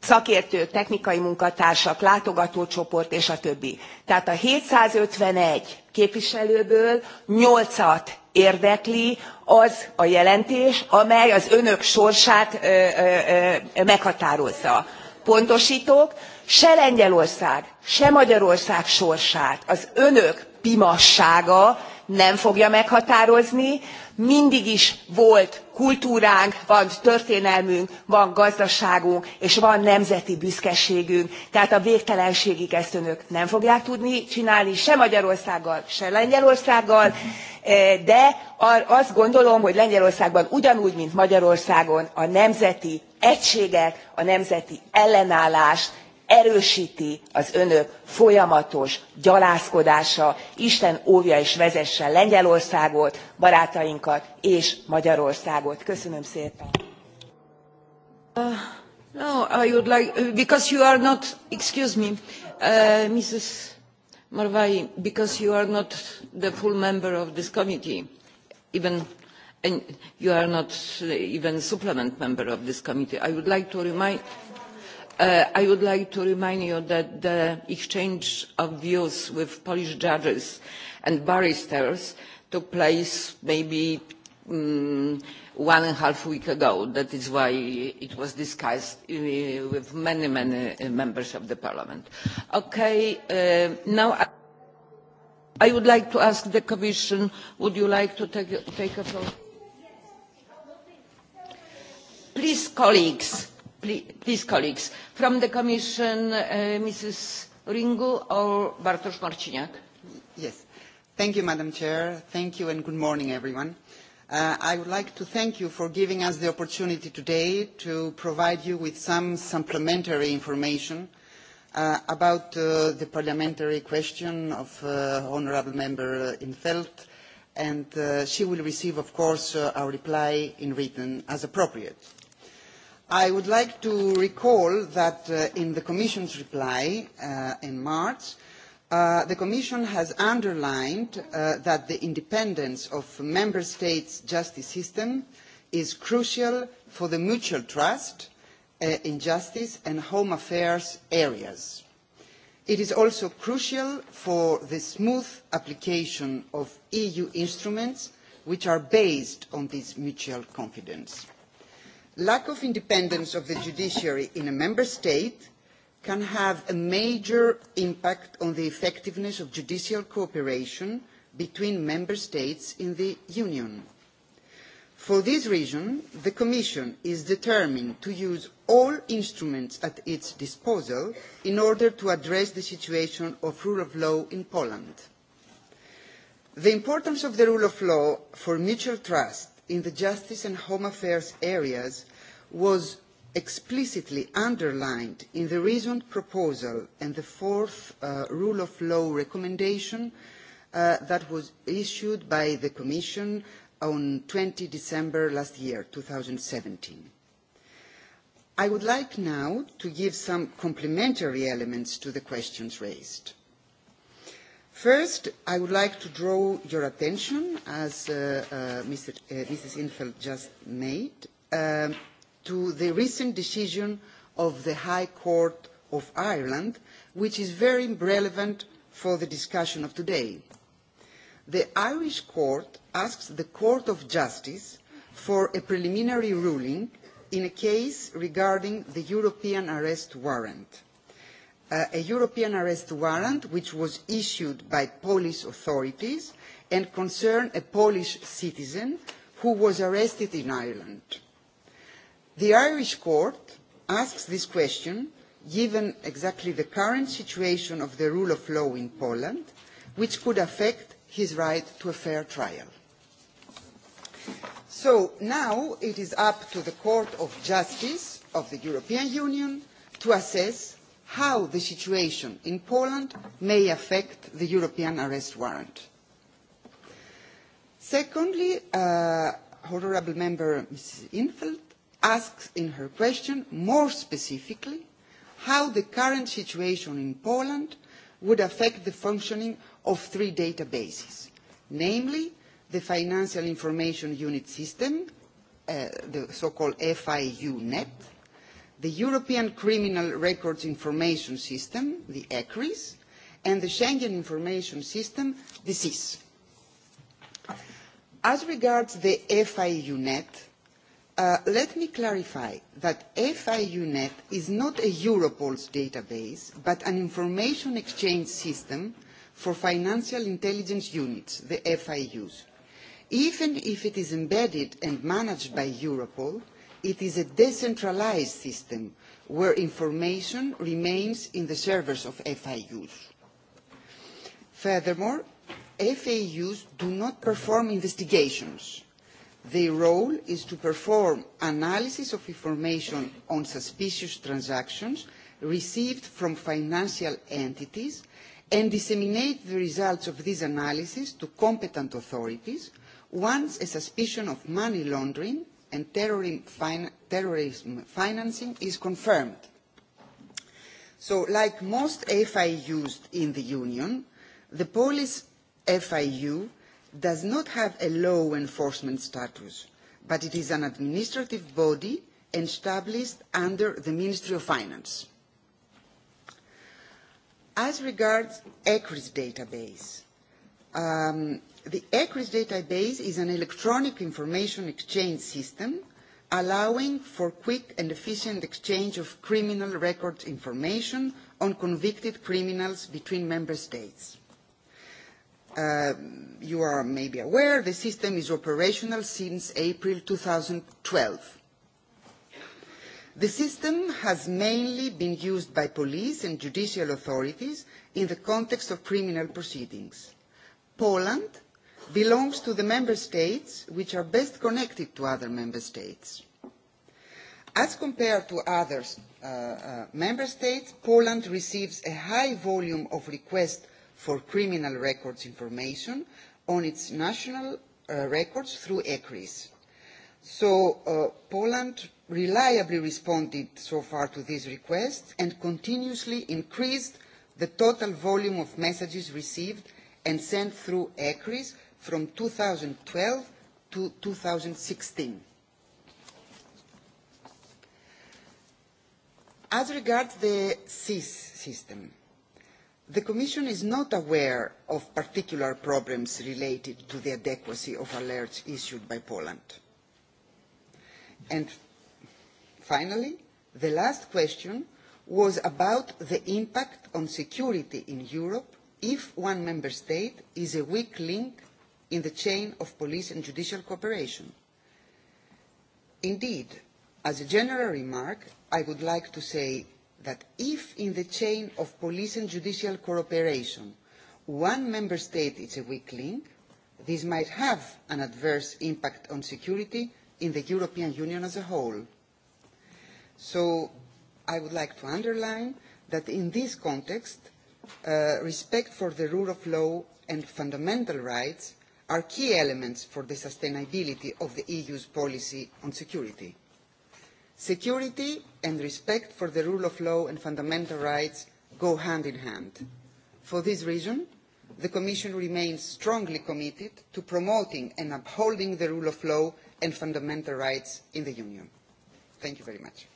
szakértők technikai munkatársak látogatócsoport és a többi. tehát a seven hundred and fifty one képviselőből nyolcat érdekli az a jelentés amely az önök sorsát ö, ö, ö, meghatározza. pontostok se lengyelország se magyarország sorsát az önök pimassága nem fogja meghatározni mindig is volt kultúránk van történelmünk van gazdaságunk és van nemzeti büszkeségünk tehát a végtelenségig ezt önök nem fogják tudni csinálni se magyarországgal se lengyelországgal eh, de azt gondolom hogy lengyelországban ugyanúgy mint magyarországon a nemzeti egységet a nemzeti ellenállást erősti az önök folyamatos gyalázkodása isten óvja és vezesse lengyelországot barátainkat és magyarországot. köszönöm szépen! Uh, no, I would like, uh, because you are not, excuse me, uh, Mrs. Marvai, because you are not the full member of this committee, even and you are not uh, even supplement member of this committee. I would like to remind Uh, i would like to remind you that the exchange of views with polish judges and barristers took place maybe um, one and a half week ago. that is why it was discussed uh, with many many uh, members of the parliament. Okay, uh, now i would like to ask the commission would you like to take, take a floor? please colleagues please colleagues from the commission uh, mrs ringu or bartosz marciniak yes thank you madam chair thank you and good morning everyone uh, I would like to thank you for giving us the opportunity today to provide you with some supplementary information uh, about uh, the parliamentary question of uh, Honourable Member Infeld, and uh, she will receive, of course, uh, our reply in written as appropriate. Uh, I would like to recall that uh, in the Commission's reply uh, in March, uh, the Commission has underlined uh, that the independence of Member States' justice system is crucial for the mutual trust uh, in justice and home affairs areas. It is also crucial for the smooth application of EU instruments which are based on this mutual confidence lack of independence of the judiciary in a member state can have a major impact on the effectiveness of judicial cooperation between member states in the union. For this reason, the Commission is determined to use all instruments at its disposal in order to address the situation of rule of law in Poland. The importance of the rule of law for mutual trust in the justice and home affairs areas was explicitly underlined in the reasoned proposal and the fourth uh, rule of law recommendation uh, that was issued by the Commission on 20 December last year, 2017. I would like now to give some complementary elements to the questions raised. First, I would like to draw your attention, as uh, uh, Mr., uh, Mrs. Infeld just made, um, to the recent decision of the High Court of Ireland, which is very relevant for the discussion of today. The Irish court asks the Court of Justice for a preliminary ruling in a case regarding the European arrest warrant uh, a European arrest warrant which was issued by Polish authorities and concerned a Polish citizen who was arrested in Ireland. The Irish court asks this question given exactly the current situation of the rule of law in Poland, which could affect his right to a fair trial. So now it is up to the Court of Justice of the European Union to assess how the situation in Poland may affect the European arrest warrant. Secondly, uh, Honourable Member Mrs Infeld asks in her question more specifically how the current situation in Poland would affect the functioning of three databases, namely the Financial Information Unit System, uh, the so-called FIU-NET, the European Criminal Records Information System, the ECRIS, and the Schengen Information System, the SIS. As regards the FIUNet, uh, let me clarify that FIUNet is not a Europol's database, but an information exchange system for financial intelligence units, the FIUs. Even if it is embedded and managed by Europol, it is a decentralized system where information remains in the servers of FIUs. Furthermore, FAUs do not perform investigations. Their role is to perform analysis of information on suspicious transactions received from financial entities and disseminate the results of this analysis to competent authorities once a suspicion of money laundering and terrorism, fin terrorism financing is confirmed. So, like most FIUs in the Union, the Polish FIU does not have a law enforcement status, but it is an administrative body established under the Ministry of Finance. As regards ECRIS database, um, The ECRIS database is an electronic information exchange system allowing for quick and efficient exchange of criminal record information on convicted criminals between member states. Uh, you are maybe aware the system is operational since April 2012. The system has mainly been used by police and judicial authorities in the context of criminal proceedings. Poland belongs to the member states which are best connected to other member states. As compared to other uh, uh, member states, Poland receives a high volume of requests for criminal records information on its national uh, records through ECRIS. So uh, Poland reliably responded so far to these requests and continuously increased the total volume of messages received and sent through ECRIS from 2012 to 2016. As regards the SIS system, the Commission is not aware of particular problems related to the adequacy of alerts issued by Poland. And finally, the last question was about the impact on security in Europe if one member state is a weak link in the chain of police and judicial cooperation. Indeed, as a general remark, I would like to say that if in the chain of police and judicial cooperation one member state is a weak link, this might have an adverse impact on security in the European Union as a whole. So I would like to underline that in this context, uh, respect for the rule of law and fundamental rights are key elements for the sustainability of the EU's policy on security. Security and respect for the rule of law and fundamental rights go hand in hand. For this reason, the Commission remains strongly committed to promoting and upholding the rule of law and fundamental rights in the Union. Thank you very much.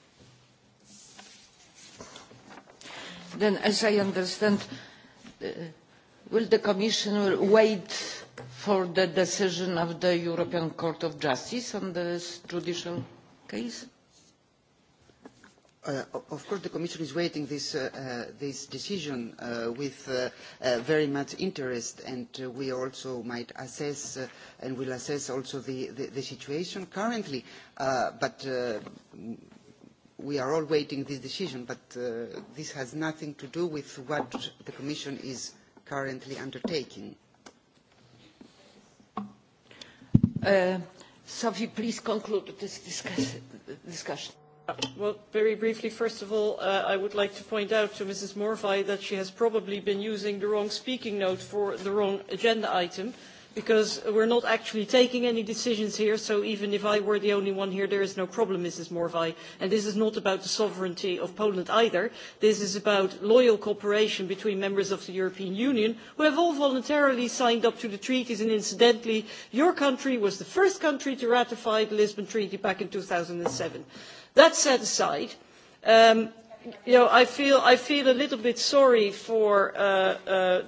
Then, as I understand, uh, will the Commission will wait for the decision of the European Court of Justice on this judicial case? Uh, of course, the Commission is waiting this, uh, uh, this decision uh, with uh, uh, very much interest, and uh, we also might assess uh, and will assess also the, the, the situation currently. Uh, but uh, we are all waiting this decision, but uh, this has nothing to do with what the Commission is currently undertaking. Uh, Uh, Sophie, please conclude this discuss discussion. Uh, well, very briefly, first of all, uh, I would like to point out to Mrs. Morvai that she has probably been using the wrong speaking note for the wrong agenda item. Uh, because we're not actually taking any decisions here, so even if I were the only one here, there is no problem, Mrs. Morvai. And this is not about the sovereignty of Poland either. This is about loyal cooperation between members of the European Union who have all voluntarily signed up to the treaties. And incidentally, your country was the first country to ratify the Lisbon Treaty back in 2007. That set aside, um, you know, I feel, I feel a little bit sorry for uh, uh,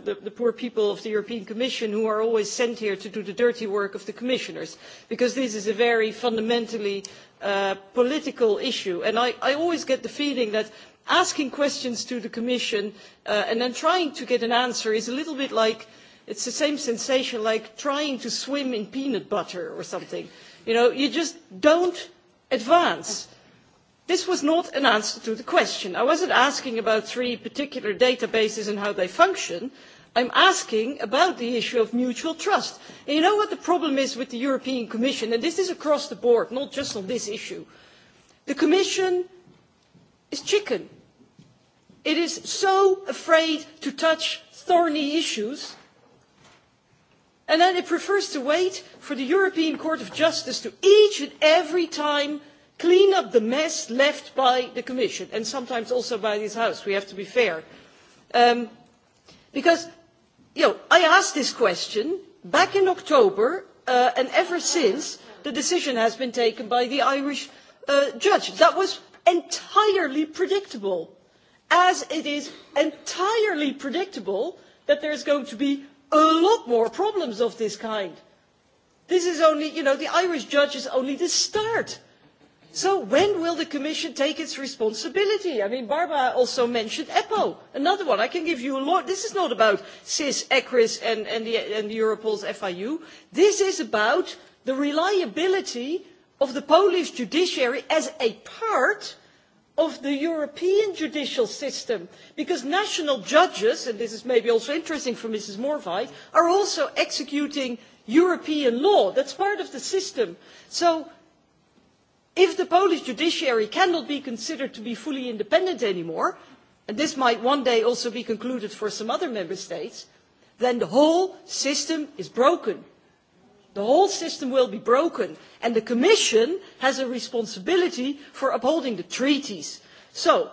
the, the poor people of the European Commission who are always sent here to do the dirty work of the commissioners, because this is a very fundamentally uh, political issue. And I, I always get the feeling that asking questions to the Commission uh, and then trying to get an answer is a little bit like, it's the same sensation like trying to swim in peanut butter or something. You know, you just don't advance. Okay this was not an answer to the question. i was not asking about three particular databases and how they function i am asking about the issue of mutual trust. And you know what the problem is with the european commission and this is across the board not just on this issue the commission is chicken. it is so afraid to touch thorny issues and then it prefers to wait for the european court of justice to each and every time clean up the mess left by the commission and sometimes also by this house we have to be fair um, because you know, i asked this question back in october uh, and ever since the decision has been taken by the irish uh, judge that was entirely predictable as it is entirely predictable that there is going to be a lot more problems of this kind. this is only you know the irish judge is only the start so when will the commission take its responsibility? i mean barbara also mentioned eppo another one. i can give you a lot. this is not about sis ecris and, and, the, and europol's fiu. this is about the reliability of the polish judiciary as a part of the european judicial system because national judges and this is maybe also interesting for mrs morvai are also executing european law that is part of the system. so if the polish judiciary cannot be considered to be fully independent any more and this might one day also be concluded for some other member states then the whole system is broken. the whole system will be broken and the commission has a responsibility for upholding the treaties. so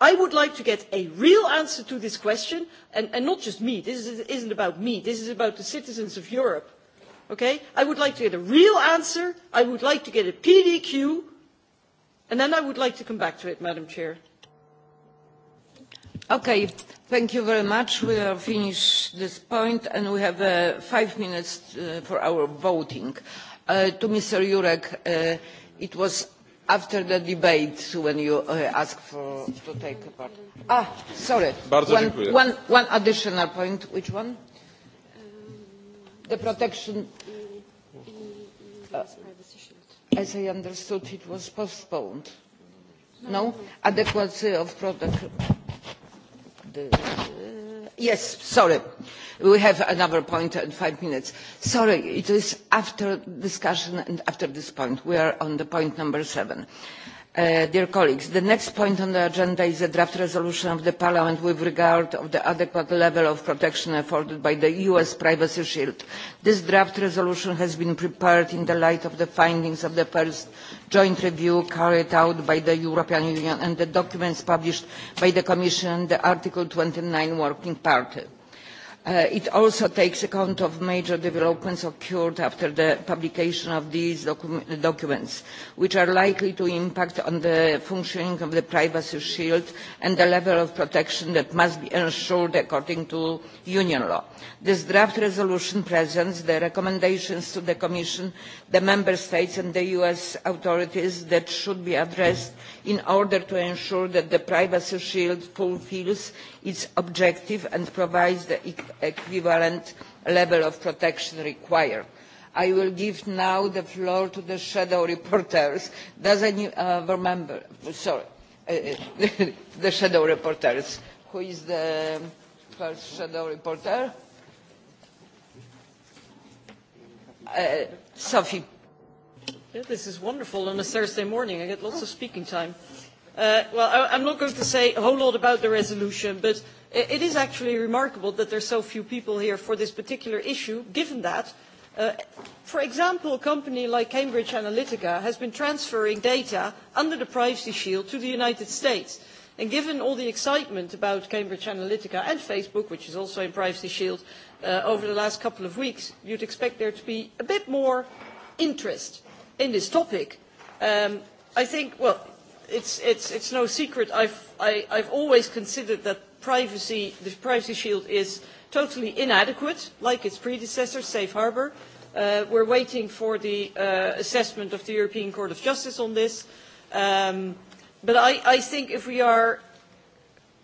i would like to get a real answer to this question and, and not just me this is not about me this is about the citizens of europe. Okay? I would like to get a real answer. I would like to get a PDQ. And then I would like to come back to it, Madam Chair. Okay, thank you very much. We have finished this point and we have uh, five minutes uh, for our voting. Uh, to Mr. Jurek, uh, it was after the debate when you uh, asked for, to take part. Ah, sorry. Bardzo one, dziękuję. One, one additional point. Which one? the protection uh, as i understood it was postponed no adequacy of product the, uh, yes sorry we have another point and five minutes sorry it is after discussion and after this point we are on the point number seven uh, Uh, dear colleagues the next point on the agenda is a draft resolution of the parliament with regard to the adequate level of protection afforded by the us privacy shield. this draft resolution has been prepared in the light of the findings of the first joint review carried out by the european union and the documents published by the commission and the article twenty nine working party Uh, it also takes account of major developments occurred after the publication of these docu documents, which are likely to impact on the functioning of the privacy shield and the level of protection that must be ensured according to union law. This draft resolution presents the recommendations to the Commission, the Member States and the US authorities that should be addressed mm -hmm in order to ensure that the privacy shield fulfils its objective and provides the equivalent level of protection required. I will give now the floor to the shadow reporters. Does any uh, remember? Sorry, uh, uh the shadow reporters. Who is the first shadow reporter? Uh, Sophie. Yeah, this is wonderful on a Thursday morning. I get lots of speaking time. Uh, well, I, I'm not going to say a whole lot about the resolution, but it, it is actually remarkable that there are so few people here for this particular issue, given that, uh, for example, a company like Cambridge Analytica has been transferring data under the privacy shield to the United States. And given all the excitement about Cambridge Analytica and Facebook, which is also in Privacy Shield, uh, over the last couple of weeks, you'd expect there to be a bit more interest in this topic, um, I think, well, it's, it's, it's no secret, I've, I, I've always considered that privacy, the privacy shield is totally inadequate, like its predecessor, Safe Harbour. Uh, we're waiting for the uh, assessment of the European Court of Justice on this. Um, but I, I think if we are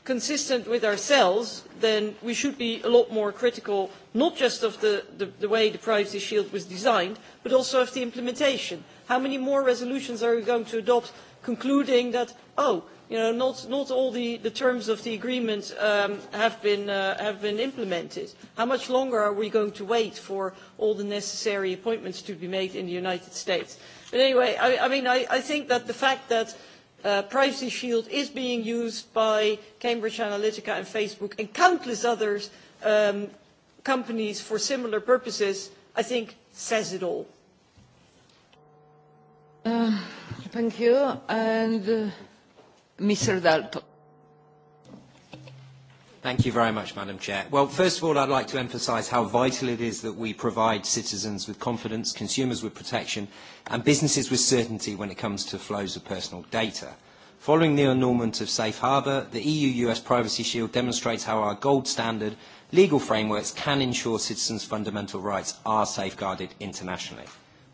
consistent with ourselves, then we should be a lot more critical, not just of the, the, the way the Privacy Shield was designed, but also of the implementation. How many more resolutions are we going to adopt concluding that, oh, you know, not, not all the, the terms of the agreement um, have, been, uh, have been implemented? How much longer are we going to wait for all the necessary appointments to be made in the United States? But anyway, I, I mean, I, I think that the fact that Uh, Privacy Shield is being used by Cambridge Analytica and Facebook and countless other um, companies for similar purposes, I think says it all. Uh, thank you. And uh, Mr. Dalton. Thank you very much, Madam Chair. Well, first of all, I'd like to emphasise how vital it is that we provide citizens with confidence, consumers with protection, and businesses with certainty when it comes to flows of personal data. Following the annulment of Safe Harbour, the EU-US Privacy Shield demonstrates how our gold standard legal frameworks can ensure citizens' fundamental rights are safeguarded internationally.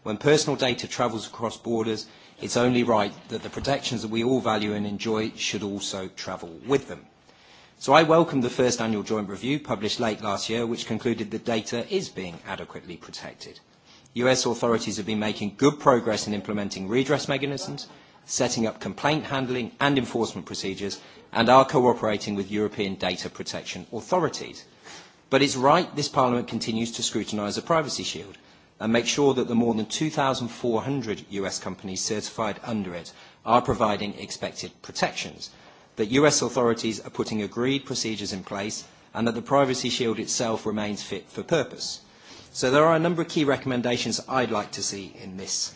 When personal data travels across borders, it's only right that the protections that we all value and enjoy should also travel with them. So I welcome the first annual joint review published late last year, which concluded that data is being adequately protected. US authorities have been making good progress in implementing redress mechanisms, setting up complaint handling and enforcement procedures, and are cooperating with European data protection authorities. But it's right this Parliament continues to scrutinise the privacy shield and make sure that the more than 2,400 US companies certified under it are providing expected protections – that US authorities are putting agreed procedures in place and that the Privacy Shield itself remains fit for purpose. So there are a number of key recommendations I'd like to see in this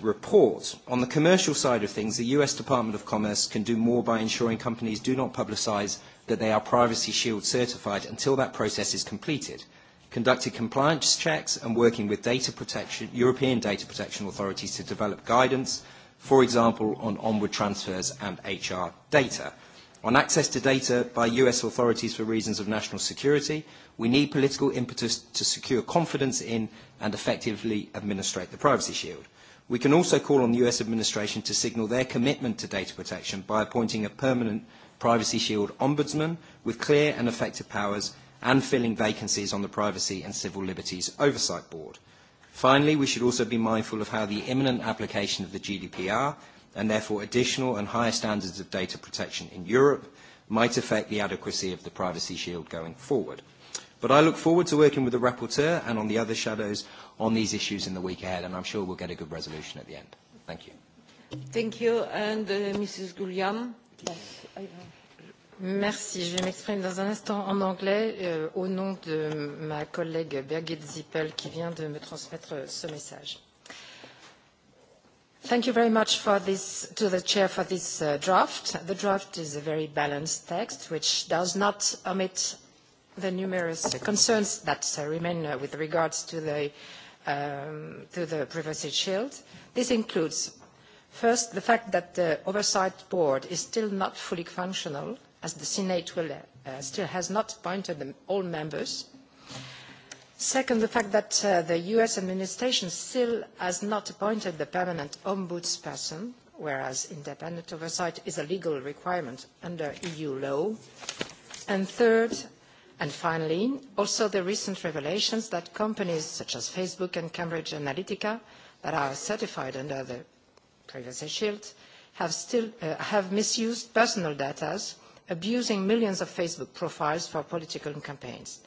report. On the commercial side of things, the US Department of Commerce can do more by ensuring companies do not publicise that they are Privacy Shield certified until that process is completed. Conducted compliance checks and working with data protection, European data protection authorities to develop guidance for example, on onward transfers and HR data. On access to data by US authorities for reasons of national security, we need political impetus to secure confidence in and effectively administrate the Privacy Shield. We can also call on the US administration to signal their commitment to data protection by appointing a permanent Privacy Shield Ombudsman with clear and effective powers and filling vacancies on the Privacy and Civil Liberties Oversight Board. Finally, we should also be mindful of how the imminent application of the GDPR and therefore additional and higher standards of data protection in Europe might affect the adequacy of the Privacy Shield going forward. But I look forward to working with the rapporteur and on the other shadows on these issues in the week ahead, and I'm sure we'll get a good resolution at the end. Thank you. Thank you. And uh, Mrs. Guillaume? Yes, I know. Merci. Je vais m'exprimer dans un instant en anglais euh, au nom de ma collègue Birgit Zippel qui vient de me transmettre ce message. Thank you very much for this, to the Chair for this uh, draft. The draft is a very balanced text which does not omit the numerous concerns that uh, remain uh, with regards to the, um, to the privacy shield. This includes, first, the fact that the Oversight Board is still not fully functional – as the Senate will, uh, still has not appointed them, all members. Second, the fact that uh, the U.S. administration still has not appointed the permanent ombudsperson, whereas independent oversight is a legal requirement under EU law. And third, and finally, also the recent revelations that companies such as Facebook and Cambridge Analytica that are certified under the Privacy Shield have, still, uh, have misused personal data abusing millions of Facebook profiles for political campaigns.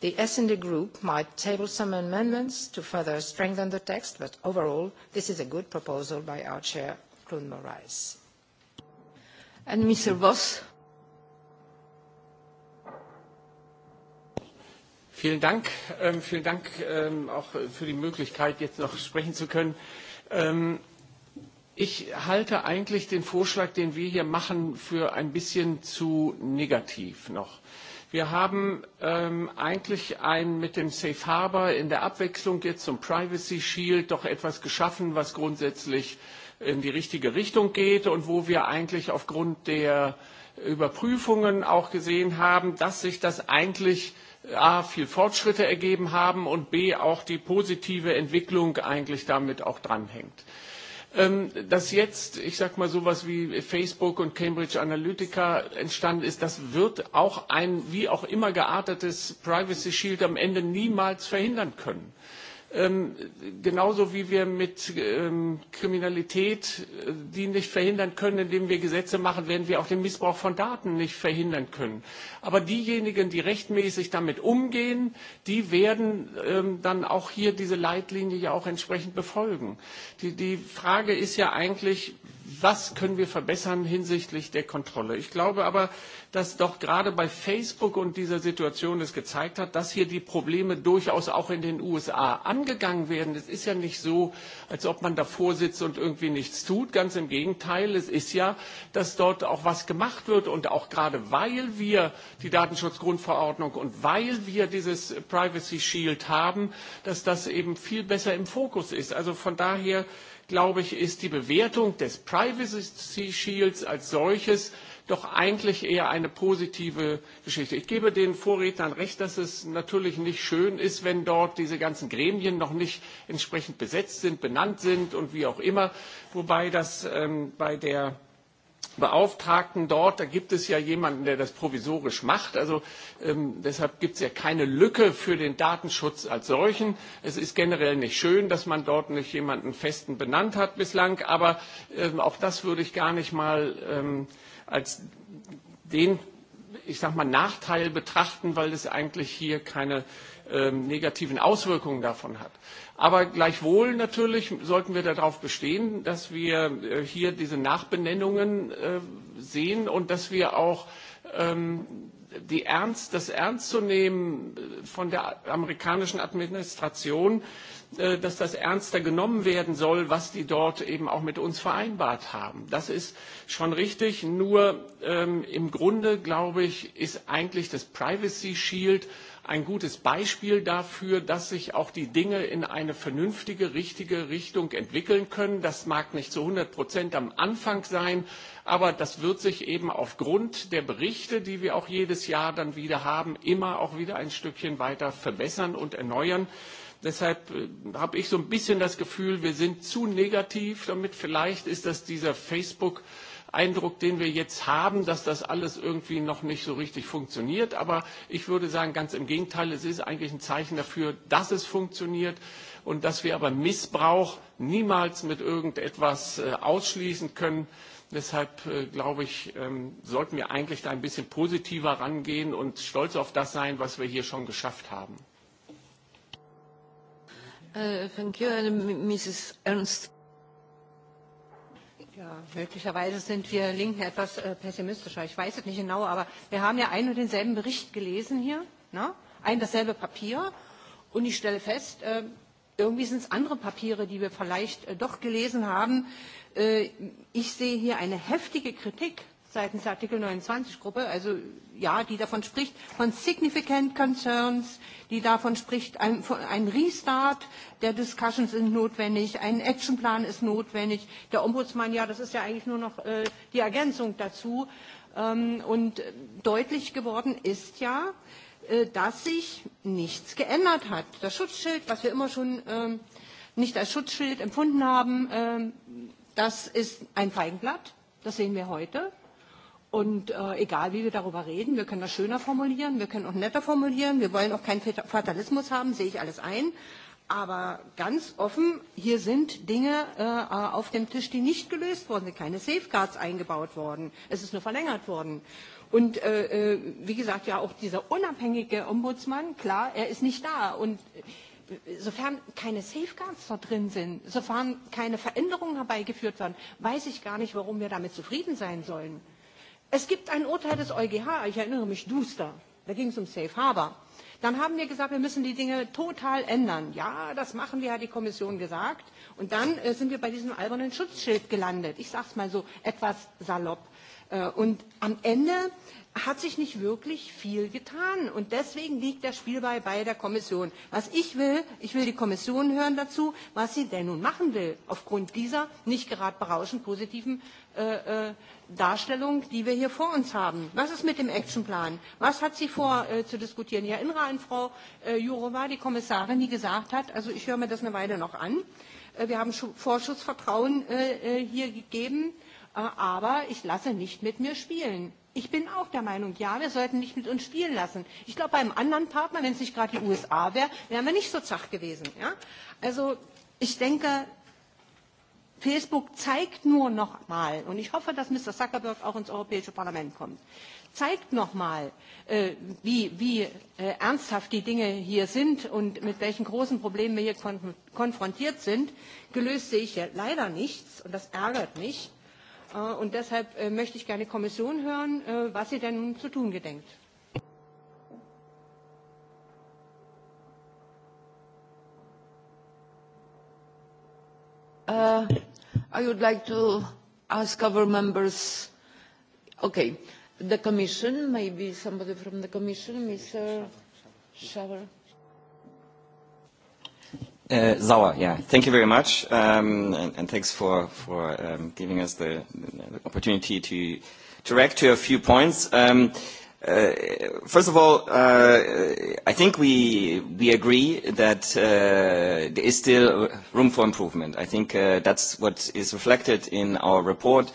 The S&D group might table some amendments to further strengthen the text, but overall, this is a good proposal by our chair, Claude Moraes. And Mr. Voss. Vielen Dank. Ähm, vielen Dank ähm, auch für die Möglichkeit, jetzt noch sprechen zu können. Ähm, Ich halte eigentlich den Vorschlag, den wir hier machen, für ein bisschen zu negativ noch. Wir haben ähm, eigentlich ein, mit dem Safe Harbor in der Abwechslung jetzt zum Privacy Shield doch etwas geschaffen, was grundsätzlich in die richtige Richtung geht und wo wir eigentlich aufgrund der Überprüfungen auch gesehen haben, dass sich das eigentlich äh, A, viel Fortschritte ergeben haben und B, auch die positive Entwicklung eigentlich damit auch dranhängt. Ähm, dass jetzt, ich sag mal, sowas wie Facebook und Cambridge Analytica entstanden ist, das wird auch ein wie auch immer geartetes Privacy Shield am Ende niemals verhindern können. Ähm, genauso wie wir mit ähm, Kriminalität äh, die nicht verhindern können, indem wir Gesetze machen, werden wir auch den Missbrauch von Daten nicht verhindern können. Aber diejenigen, die rechtmäßig damit umgehen, die werden ähm, dann auch hier diese Leitlinie ja auch entsprechend befolgen. Die, die Frage ist ja eigentlich, was können wir verbessern hinsichtlich der Kontrolle? Ich glaube aber, dass doch gerade bei Facebook und dieser Situation es gezeigt hat, dass hier die Probleme durchaus auch in den USA angegangen werden. Es ist ja nicht so, als ob man davor sitzt und irgendwie nichts tut. Ganz im Gegenteil, es ist ja, dass dort auch was gemacht wird und auch gerade weil wir die Datenschutzgrundverordnung und weil wir dieses Privacy Shield haben, dass das eben viel besser im Fokus ist. Also von daher glaube ich, ist die Bewertung des Privacy Shields als solches doch eigentlich eher eine positive Geschichte. Ich gebe den Vorrednern recht, dass es natürlich nicht schön ist, wenn dort diese ganzen Gremien noch nicht entsprechend besetzt sind, benannt sind und wie auch immer. Wobei das ähm, bei der Beauftragten dort, da gibt es ja jemanden, der das provisorisch macht. Also ähm, deshalb gibt es ja keine Lücke für den Datenschutz als solchen. Es ist generell nicht schön, dass man dort nicht jemanden festen benannt hat bislang, aber ähm, auch das würde ich gar nicht mal ähm, als den, ich sag mal, Nachteil betrachten, weil es eigentlich hier keine ähm, negativen Auswirkungen davon hat. Aber gleichwohl natürlich sollten wir darauf bestehen, dass wir äh, hier diese Nachbenennungen äh, sehen und dass wir auch ähm, die Ernst, das Ernstzunehmen äh, von der amerikanischen Administration äh, Äh, dass das ernster genommen werden soll, was die dort eben auch mit uns vereinbart haben. Das ist schon richtig. Nur ähm, im Grunde, glaube ich, ist eigentlich das Privacy Shield ein gutes Beispiel dafür, dass sich auch die Dinge in eine vernünftige, richtige Richtung entwickeln können. Das mag nicht zu 100 Prozent am Anfang sein, aber das wird sich eben aufgrund der Berichte, die wir auch jedes Jahr dann wieder haben, immer auch wieder ein Stückchen weiter verbessern und erneuern. Deshalb äh, habe ich so ein bisschen das Gefühl, wir sind zu negativ damit. Vielleicht ist das dieser Facebook Eindruck, den wir jetzt haben, dass das alles irgendwie noch nicht so richtig funktioniert. Aber ich würde sagen, ganz im Gegenteil, es ist eigentlich ein Zeichen dafür, dass es funktioniert und dass wir aber Missbrauch niemals mit irgendetwas äh, ausschließen können. Deshalb äh, glaube ich, ähm, sollten wir eigentlich da ein bisschen positiver rangehen und stolz auf das sein, was wir hier schon geschafft haben. Uh, thank you, and Mrs. Ernst. Ja, möglicherweise sind wir Linken etwas äh, pessimistischer. Ich weiß es nicht genau, aber wir haben ja einen und denselben Bericht gelesen hier, ne? ein dasselbe Papier. Und ich stelle fest, äh, irgendwie sind es andere Papiere, die wir vielleicht äh, doch gelesen haben. Äh, ich sehe hier eine heftige Kritik seitens der Artikel 29 Gruppe, also ja, die davon spricht, von significant concerns, die davon spricht, ein, ein Restart der Discussions sind notwendig, ein Actionplan ist notwendig, der Ombudsmann, ja, das ist ja eigentlich nur noch äh, die Ergänzung dazu. Ähm, und deutlich geworden ist ja, äh, dass sich nichts geändert hat. Das Schutzschild, was wir immer schon äh, nicht als Schutzschild empfunden haben, äh, das ist ein Feigenblatt. Das sehen wir heute. Und äh, egal, wie wir darüber reden, wir können das schöner formulieren, wir können auch netter formulieren, wir wollen auch keinen Fatalismus haben, sehe ich alles ein. Aber ganz offen, hier sind Dinge äh, auf dem Tisch, die nicht gelöst worden sind, keine Safeguards eingebaut worden. Es ist nur verlängert worden. Und äh, äh wie gesagt, ja auch dieser unabhängige Ombudsmann, klar, er ist nicht da. Und äh, sofern keine Safeguards da drin sind, sofern keine Veränderungen herbeigeführt werden, weiß ich gar nicht, warum wir damit zufrieden sein sollen. Äh, Es gibt ein Urteil des EuGH, ich erinnere mich duster, da ging es um Safe Harbor. Dann haben wir gesagt, wir müssen die Dinge total ändern. Ja, das machen wir, hat die Kommission gesagt. Und dann äh, sind wir bei diesem albernen Schutzschild gelandet. Ich sage es mal so etwas salopp. Äh, und am Ende hat sich nicht wirklich viel getan. Und deswegen liegt der Spielball bei der Kommission. Was ich will, ich will die Kommission hören dazu, was sie denn nun machen will, aufgrund dieser nicht gerade berauschend positiven äh, äh, Darstellung, die wir hier vor uns haben. Was ist mit dem Actionplan? Was hat sie vor äh, zu diskutieren? Ich erinnere an Frau äh, Jourova, die Kommissarin, die gesagt hat, also ich höre mir das eine Weile noch an, äh, wir haben Vorschussvertrauen äh, äh, hier gegeben. Äh, Äh, aber ich lasse nicht mit mir spielen. Ich bin auch der Meinung, ja, wir sollten nicht mit uns spielen lassen. Ich glaube, beim anderen Partner, wenn es nicht gerade die USA wäre, wären wir nicht so zach gewesen. Ja? Also ich denke, Facebook zeigt nur noch mal, und ich hoffe, dass Mr. Zuckerberg auch ins Europäische Parlament kommt, zeigt noch mal, äh, wie, wie äh, ernsthaft die Dinge hier sind und mit welchen großen Problemen wir hier kon konfrontiert sind. Gelöst sehe ich hier leider nichts, und das ärgert mich. Äh, und deshalb äh, möchte ich gerne Kommission hören, äh, was sie denn nun zu tun gedenkt. Uh, I would like to ask our members. Okay, the Commission, maybe somebody from the Commission, Mr. Shaver. Shaver. Uh, Sauer, yeah. Thank you very much, um, and, and thanks for, for um, giving us the, the opportunity to, to react to a few points. Um, uh, first of all, uh, I think we, we agree that uh, there is still room for improvement. I think uh, that's what is reflected in our report. Uh,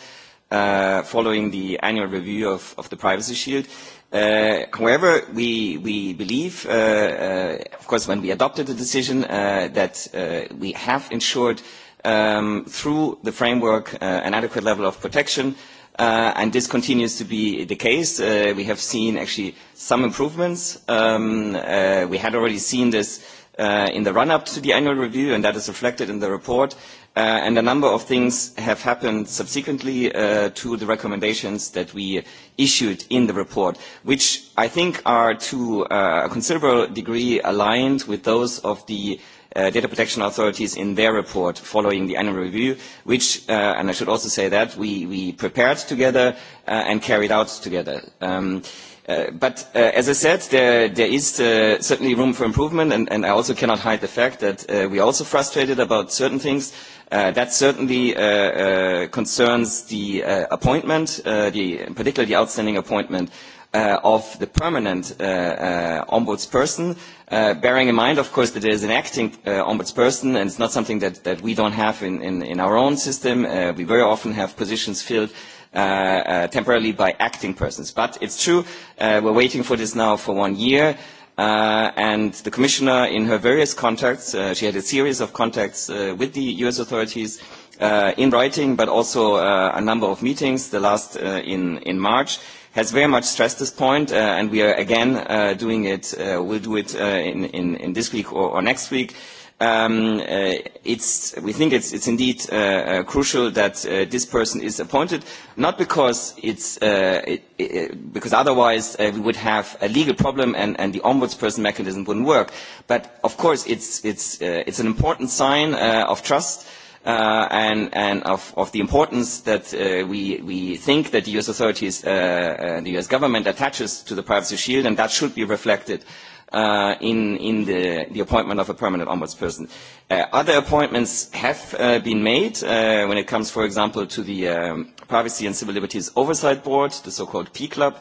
uh, following the annual review of, of the Privacy Shield. Uh, however, we, we believe, uh, uh, of course, when we adopted the decision, uh, that uh, we have ensured um, through the framework uh, an adequate level of protection uh, Uh, and this continues to be the case. Uh, we have seen actually some improvements. Um, uh, we had already seen this uh, in the run-up to the annual review, and that is reflected in the report. Uh, and a number of things have happened subsequently uh, to the recommendations that we issued in the report, which I think are to uh, a considerable degree aligned with those of the uh, data protection authorities in their report following the annual review, which, uh, and I should also say that, we, we prepared together uh, and carried out together. Um, Uh, but uh, as I said, there, there is uh, certainly room for improvement, and, and I also cannot hide the fact that uh, we are also frustrated about certain things. Uh, Uh, that certainly uh, uh, concerns the uh, appointment, uh, the, in particular the outstanding appointment uh, of the permanent uh, uh, ombudsperson, uh, bearing in mind, of course, that there is an acting uh, ombudsperson, and it's not something that, that we don't have in, in, in our own system. Uh, we very often have positions filled uh, uh, temporarily by acting persons. But it's true, uh, we're waiting for this now for one year. Uh, Uh, and the commissioner, in her various contacts, uh, she had a series of contacts uh, with the U.S. authorities uh, in writing, but also uh, a number of meetings, the last uh, in, in March, has very much stressed this point, uh, and we are again uh, doing it, uh, we'll do it uh, in, in, in this week or, or next week, uh, um, uh, it's, we think it's, it's indeed uh, uh, crucial that uh, this person is appointed, not because it's, uh, it, it, because otherwise uh, we would have a legal problem and, and the ombudsperson mechanism wouldn't work, but of course it's, it's, uh, it's an important sign uh, of trust uh, and, and of, of the importance that uh, we, we think that the US authorities uh, and uh, the US government attaches to the privacy shield, and that should be reflected uh, uh, in, in the, the appointment of a permanent ombudsperson. Uh, other appointments have uh, been made uh, when it comes, for example, to the um, Privacy and Civil Liberties Oversight Board, the so-called P-Club.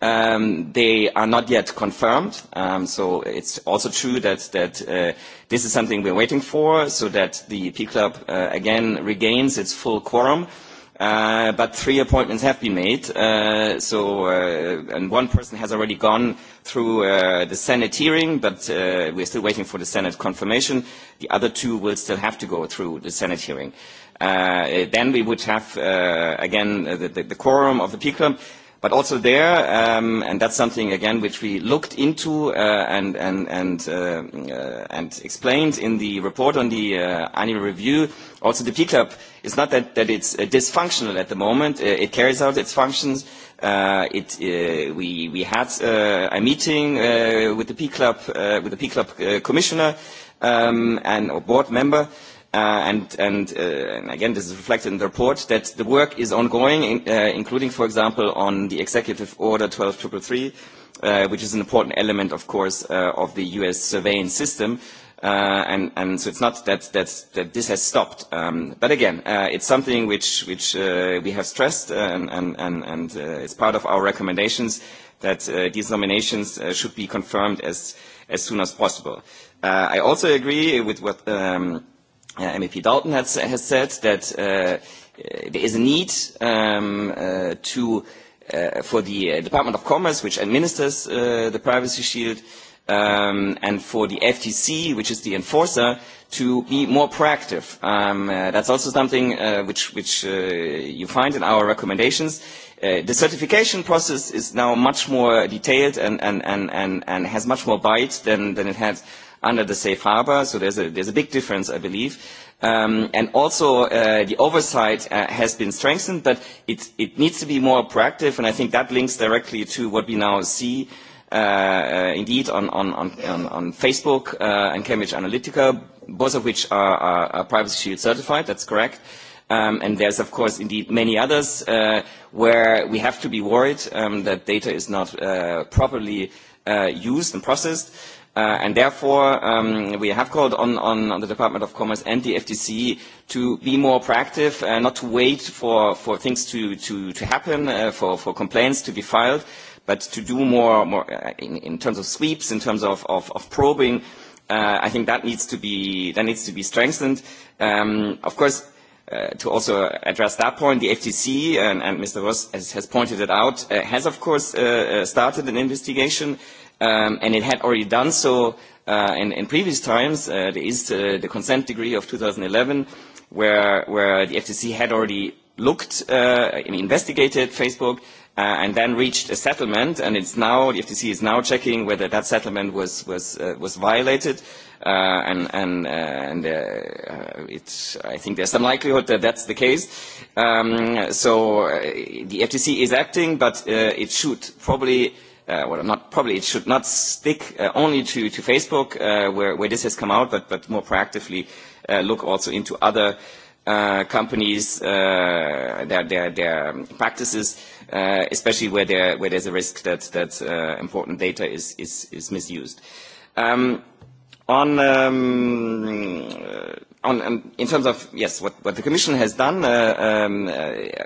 Um, they are not yet confirmed, um, so it's also true that, that uh, this is something we're waiting for, so that the P-Club, uh, again, regains its full quorum. Uh, Uh, but three appointments have been made. Uh, so, uh, and one person has already gone through uh, the Senate hearing, but uh, we're still waiting for the Senate confirmation. The other two will still have to go through the Senate hearing. Uh, then we would have, uh, again, uh, the, the, the quorum of the P-Club. But also there, um, and that's something again which we looked into uh, and and and uh, uh, and explained in the report on the uh, annual review. Also, the PCLUB is not that that it's uh, dysfunctional at the moment. Uh, it carries out its functions. Uh, it uh, we we had uh, a meeting uh, with the PCLUB uh, with the PCLUB uh, commissioner um, and or board member. Uh, uh, and, and, uh, and again, this is reflected in the report, that the work is ongoing, in, uh, including, for example, on the Executive Order 12333, uh, which is an important element, of course, uh, of the U.S. surveillance system. Uh, and, and so it's not that, that, that this has stopped. Um, but again, uh, it's something which, which uh, we have stressed uh, and, and, and, and uh, it's part of our recommendations that uh, these nominations uh, should be confirmed as, as soon as possible. Uh, I also agree with what um, uh, MEP Dalton has, has said that uh, uh, there is a need um, uh, to, uh, for the uh, Department of Commerce, which administers uh, the privacy shield, um, and for the FTC, which is the enforcer, to be more proactive. Um, uh, that's also something uh, which, which uh, you find in our recommendations. Uh, the certification process is now much more detailed and, and, and, and, and has much more bite than, than it had under the safe harbor. So there's a, there's a big difference, I believe. Um, and also, uh, the oversight uh, has been strengthened, but it, it needs to be more proactive, and I think that links directly to what we now see uh, uh, indeed on, on, on, on Facebook uh, and Cambridge Analytica, both of which are, are, are Privacy Shield certified, that's correct. Um, and there's, of course, indeed many others uh, where we have to be worried um, that data is not uh, properly uh, used and processed. Uh, Uh, and therefore, um, we have called on, on, on the Department of Commerce and the FTC to be more proactive, uh, not to wait for, for things to, to, to happen, uh, for, for complaints to be filed, but to do more, more uh, in, in terms of sweeps, in terms of, of, of probing. Uh, I think that needs to be, that needs to be strengthened. Um, of course, Uh, to also address that point, the FTC, and, and Mr. Ross has, has pointed it out, uh, has of course uh, uh started an investigation um, and it had already done so uh, in, in previous times. Uh, there is uh, the consent decree of 2011, where where the FTC had already looked, uh, investigated Facebook, uh, and then reached a settlement. And it's now the FTC is now checking whether that settlement was was uh, was violated. Uh, and and uh, and uh, uh it's I think there's some likelihood that that's the case. Um, so uh, the FTC is acting, but uh, it should probably uh, uh, well, not probably it should not stick uh, only to, to Facebook uh, where, where this has come out, but, but more proactively uh, look also into other uh, companies, uh, their, their, their practices, uh, especially where, there, where there's a risk that, that uh, important data is, is, is misused. Um, on, um, on, um, in terms of, yes, what, what the Commission has done, uh, um, uh,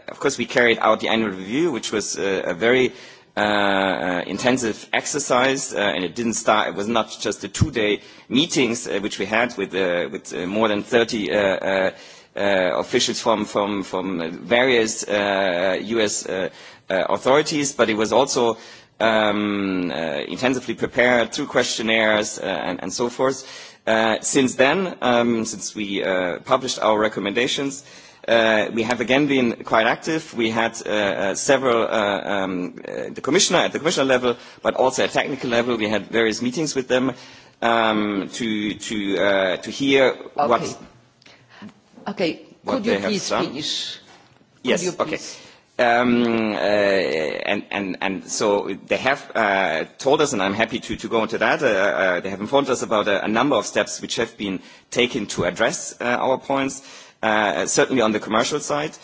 of course we carried out the annual review, which was uh, a very uh, uh, uh, intensive exercise, uh, and it didn't start. It was not just the two-day meetings uh, which we had with uh, with uh, more than 30 uh, uh, uh, officials from from from various uh, U.S. Uh, uh, uh, authorities, but it was also um, uh, intensively prepared through questionnaires uh, and, and so forth. Uh, since then, um, since we uh, published our recommendations, uh, Uh, we have again been quite active. We had uh, uh, several, uh, um, uh, the commissioner at the commissioner level, but also at technical level. We had various meetings with them um, to, to, uh, to hear okay. what, okay. what Could they you have please done. Finish? Yes, Could you okay. Please? Um, uh, and, and, and so they have uh, told us, and I'm happy to, to go into that, uh, uh, they have informed us about a, a number of steps which have been taken to address uh, our points. Uh, uh, certainly on the commercial side.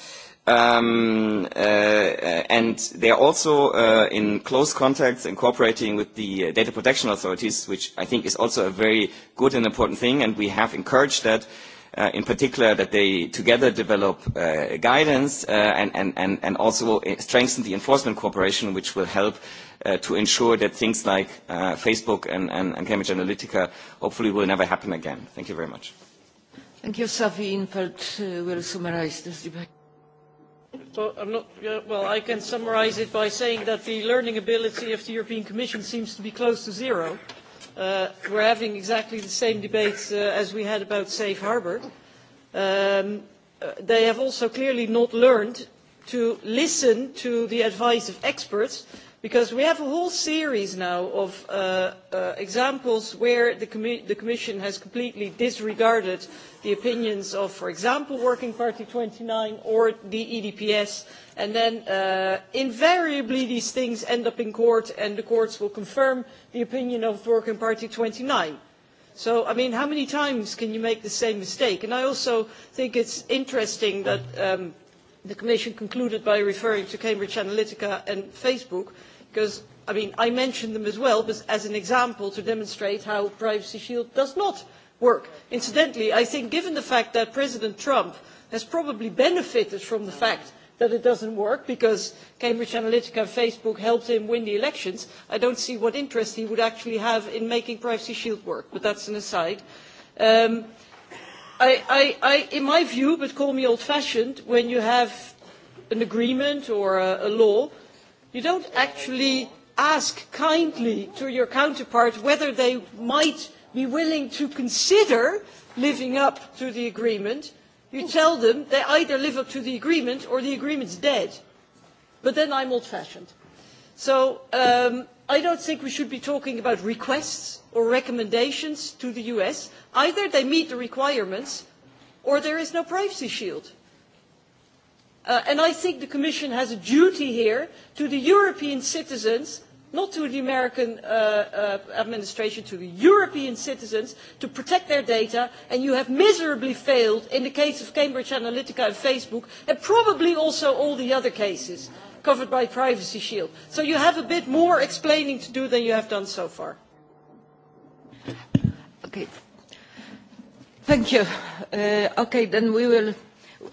Um, uh, and they are also uh, in close contacts and cooperating with the uh, data protection authorities, which I think is also a very good and important thing, and we have encouraged that uh, in particular that they together develop uh, guidance uh, and, and, and, and also strengthen the enforcement cooperation, which will help uh, to ensure that things like uh, Facebook and, and, and Cambridge Analytica hopefully will never happen again. Thank you very much. Thank you, Safi Infeld. Uh, will summarize this debate. Well, I'm not, yeah, well, I can summarize it by saying that the learning ability of the European Commission seems to be close to zero. Uh, we're having exactly the same debate uh, as we had about safe harbour. Um, uh, they have also clearly not learned to listen to the advice of experts because we have a whole series now of uh, uh, examples where the, com the commission has completely disregarded the opinions of for example working party twenty nine or the edps and then uh, invariably these things end up in court and the courts will confirm the opinion of working party twenty nine so i mean how many times can you make the same mistake and i also think it's interesting that um, the Commission concluded by referring to Cambridge Analytica and Facebook, because I mean, I mentioned them as well, but as an example to demonstrate how Privacy Shield does not work. Incidentally, I think given the fact that President Trump has probably benefited from the fact that it doesn't work because Cambridge Analytica and Facebook helped him win the elections, I don't see what interest he would actually have in making Privacy Shield work, but that's an aside. Um, I, I, I, in my view, but call me old-fashioned, when you have an agreement or a, a law, you don't actually ask kindly to your counterpart whether they might be willing to consider living up to the agreement. You tell them they either live up to the agreement or the agreement's dead. But then I'm old-fashioned. So um, i do not think we should be talking about requests or recommendations to the us. either they meet the requirements or there is no privacy shield. Uh, and i think the commission has a duty here to the european citizens not to the american uh, uh, administration to the european citizens to protect their data and you have miserably failed in the case of cambridge analytica and facebook and probably also all the other cases covered by Privacy Shield. So you have a bit more explaining to do than you have done so far. Okay. Thank you. Uh, okay, then we will...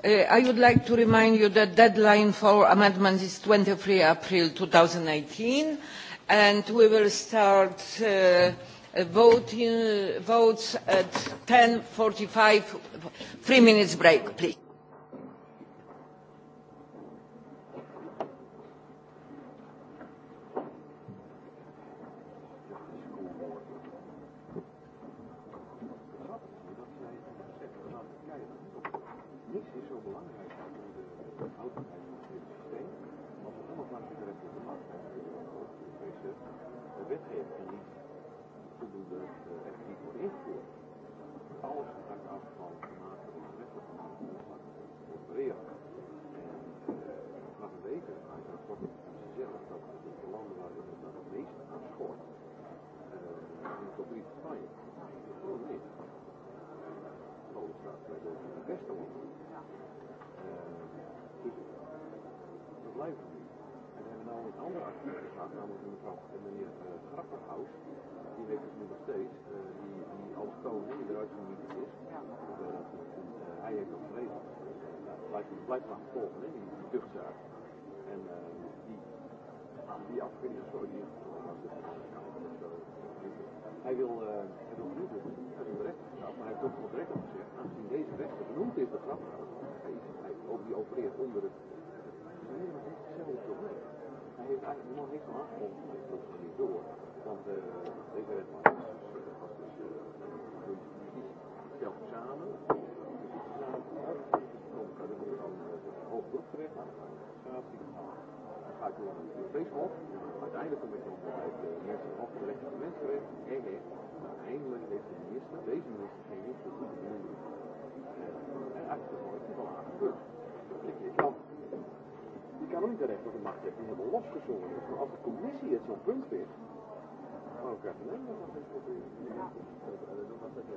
Uh, I would like to remind you that deadline for amendments is 23 April 2018, and we will start uh, voting, uh, votes at 10.45. Three minutes break, please. straf. En meneer uh, Grapperhaus, die weet het nu nog steeds, uh, die, die als toon die eruit gemiddeld is. Ja. Uh, dat, uh, hij heeft dat geregeld. Uh, blijft, blijft maar volgen, hè, die, die tuchtzaak. En uh, die, ah, die afkeuring is zo die hij wil, uh, hij wil niet doen, hij wil recht maar hij heeft ook nog recht gezegd. Aangezien deze rechter genoemd is, de grap, hij, hij, ook die opereert onder het. Het is helemaal niet hetzelfde probleem hij heeft eigenlijk nog niks van afgerond dat ze niet door. Want uh, zekerheid maar dat was dus uh, zelf samen. Dus ik samen komt dan moet je dan hoog bloed terecht, administratie. Dan ga ik dan naar de Europees Uiteindelijk kom ik dan bij de mensenhof terecht van mensenrecht. En uiteindelijk heeft de minister, deze minister, geen invloed op de benoeming. En eigenlijk is het wel aardig gebeurd stelling terecht dat de machthebber helemaal losgezongen is. Maar als de commissie het zo'n punt vindt, dan krijg je helemaal nog eens proberen. Dat is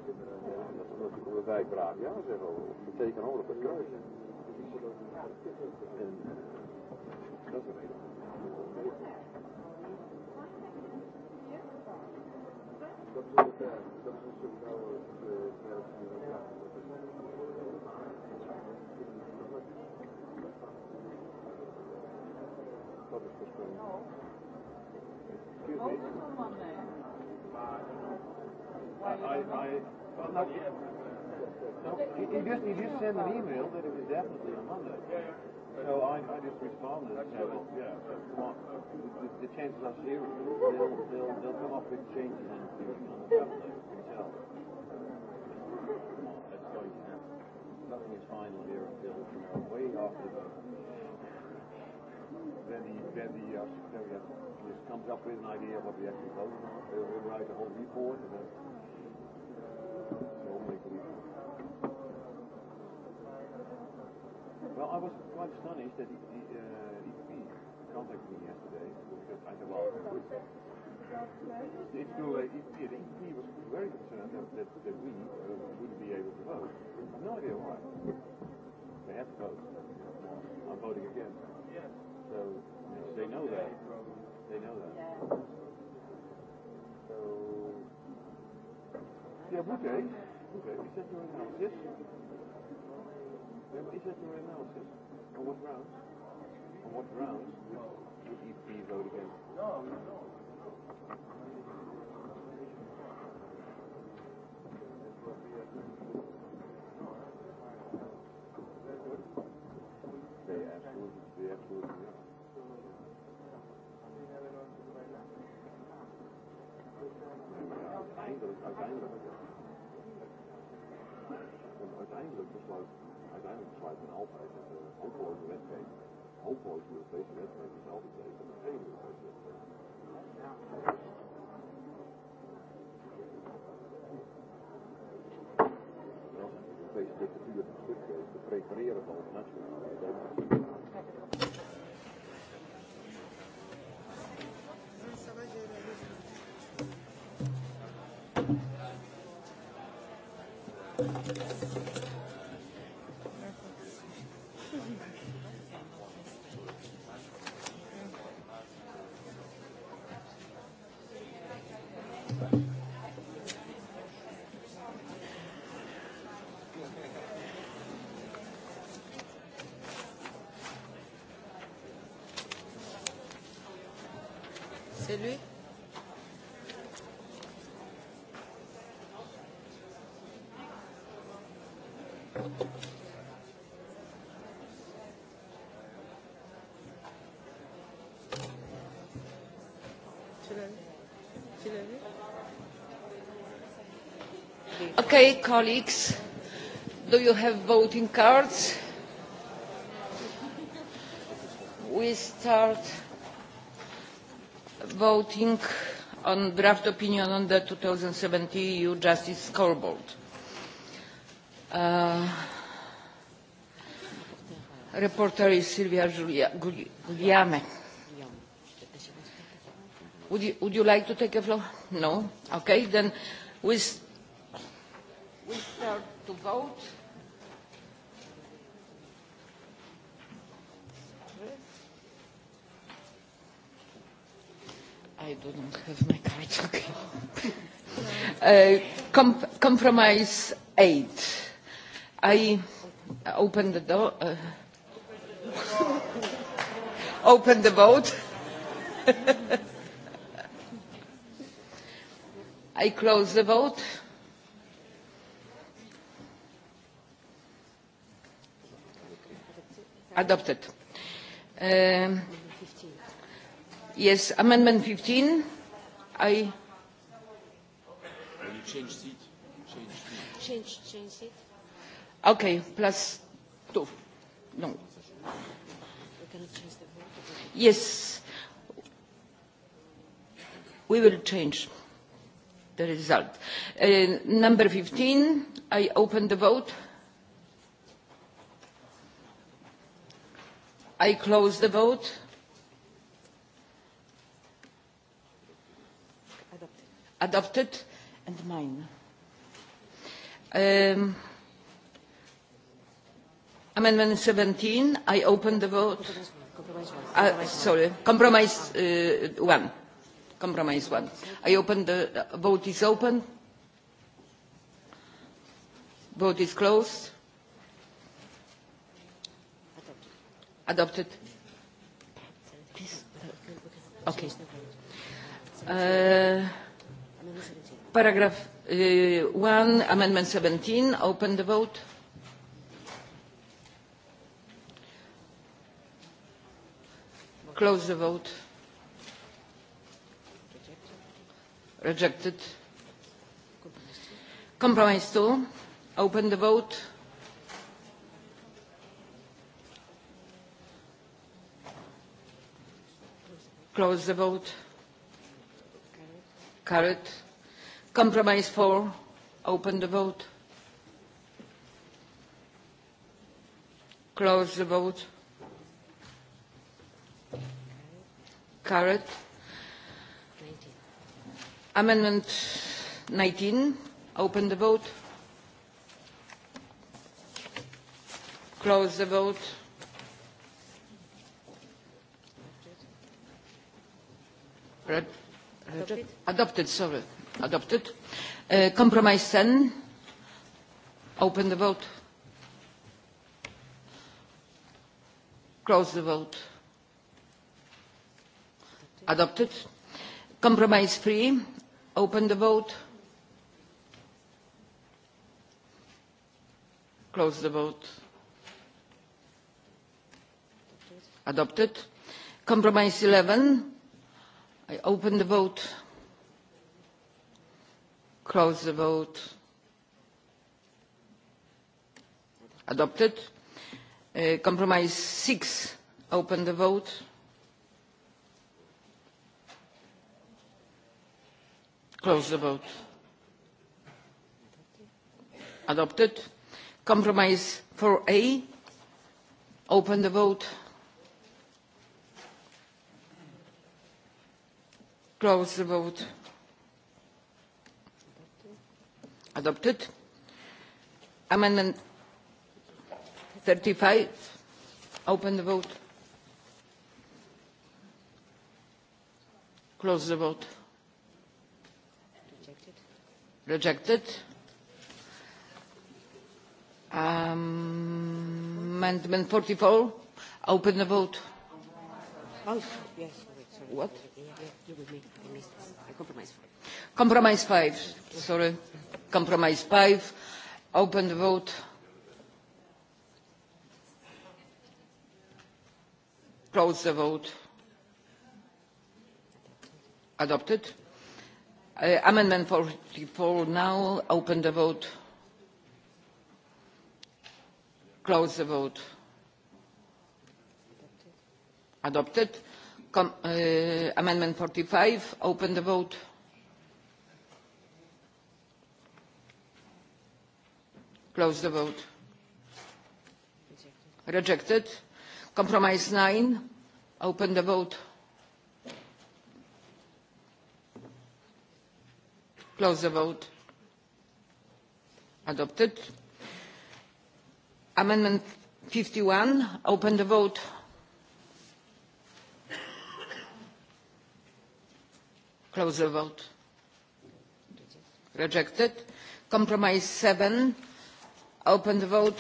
natuurlijk om de wijk braaf ja zeggen, of betekenen over op het eh, kruis. En dat is een reden. Dat is een stuk nou, No. Excuse no, me? No, on Monday. Uh, I don't know. Why I, I, I, well, not yet. No, you, you just you just send an email that it was definitely on Monday. Yeah, yeah. So I, I just responded and said, well, yeah, what, the, the chances are zero. They'll, they'll, they'll come up with changes on the theory on the tablet themselves. That's going to happen. Nothing is final here until tomorrow, way after the vote where the, where the uh, secretariat just comes up with an idea of what we actually vote on. They will write a whole report and then they'll make a report. Well, I was quite astonished that the, the uh, EPP contacted me yesterday because I said, well, it's too late. Uh, the EPP was very concerned that, that, that we uh, wouldn't be able to vote. I have no idea why. They have to vote. I'm voting against. So they know that. They know that. So yeah, okay, okay. Is that your analysis? Yeah, is that your analysis? On what grounds? On what grounds would, would EP vote against? No, no. Thank you. uiteindelijk, en uiteindelijk besluit, uiteindelijk besluit men altijd dat de hopeloze wetgeving, hopeloze Europese wetgeving is altijd tegen de geen Europese wetgeving. Ja. En als een Europese dictatuur een stuk prefereren van het nationale democratie. C'est lui Okay, colleagues, do you have voting cards? We start voting on draft opinion on the 2017 EU Justice Scoreboard. Uh, reporter is Silvia Gugliame. Would you, would you like to take a floor? No? Okay, then we, we start to vote. Uh, com compromise eight i open the door uh, open the vote i close the vote adopted um, yes amendment 15 i Change seat. Change seat. Change, change seat. Okay, plus two. No. We cannot change the vote. Yes. We will change the result. Uh, number 15, I open the vote. I close the vote. Adopted. Adopted and mine. Um, amendment 17, I open the vote. Compromise one. Uh, sorry, compromise uh, one. Compromise one. I open the uh, vote is open. Vote is closed. Adopted. Okay. Uh, Paragraph uh, 1, Amendment 17. Open the vote. Close the vote. Rejected. Compromise 2. Open the vote. Close the vote. Carried. Compromise 4. Open the vote. Close the vote. Carried. Amendment 19. Open the vote. Close the vote. Re adopted. adopted, sorry. Adopted. Uh, compromise 10. Open the vote. Close the vote. Adopted. Compromise 3. Open the vote. Close the vote. Adopted. Compromise 11. I open the vote. Close the vote. Adopted. Uh, compromise 6. Open the vote. Close the vote. Adopted. Compromise 4A. Open the vote. Close the vote. adopted amendment thirty five open the vote close the vote rejected um, amendment forty four open the vote oh, yes. What? Compromise five. Compromise five. Sorry compromise five open the vote close the vote adopted uh, amendment forty four now open the vote close the vote adopted Com uh, amendment forty five open the vote close the vote rejected compromise nine open the vote close the vote adopted amendment fifty one open the vote close the vote rejected compromise seven Open the vote.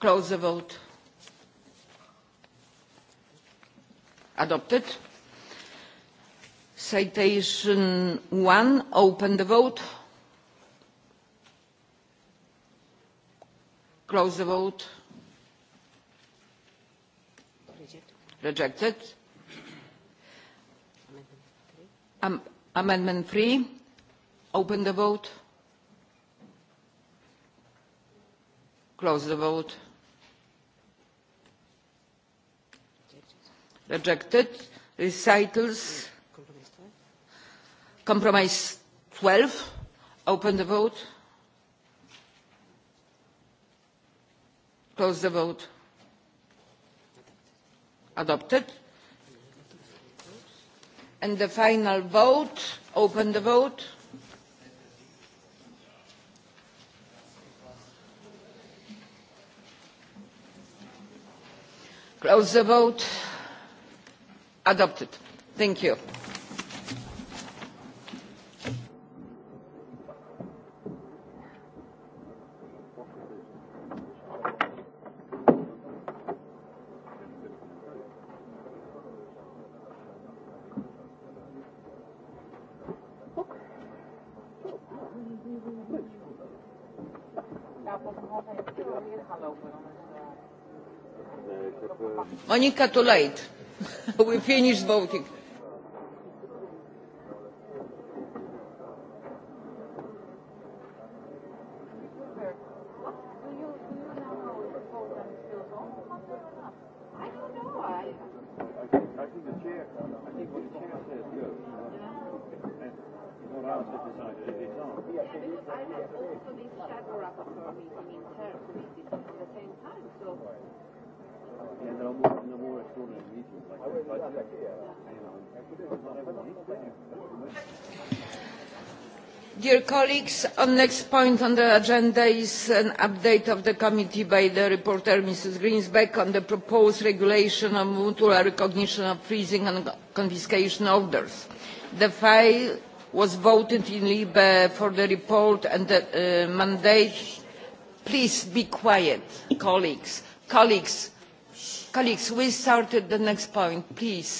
Close the vote. Adopted. Citation 1. Open the vote. Close the vote. Rejected. Rejected. Amendment 3. Um, amendment 3. Open the vote. Close the vote. Rejected. Recitals. Compromise 12. Open the vote. Close the vote. Adopted. And the final vote. Open the vote. close the vote. adopted. thank you. Monica, too late. we finished voting. colleagues the next point on the agenda is an update of the committee by the rapporteur mrs griesbeck on the proposed regulation on mutual recognition of freezing and confiscation orders. the file was voted in libe for the report and the uh, mandate please be quiet colleagues colleagues colleagues we started the next point please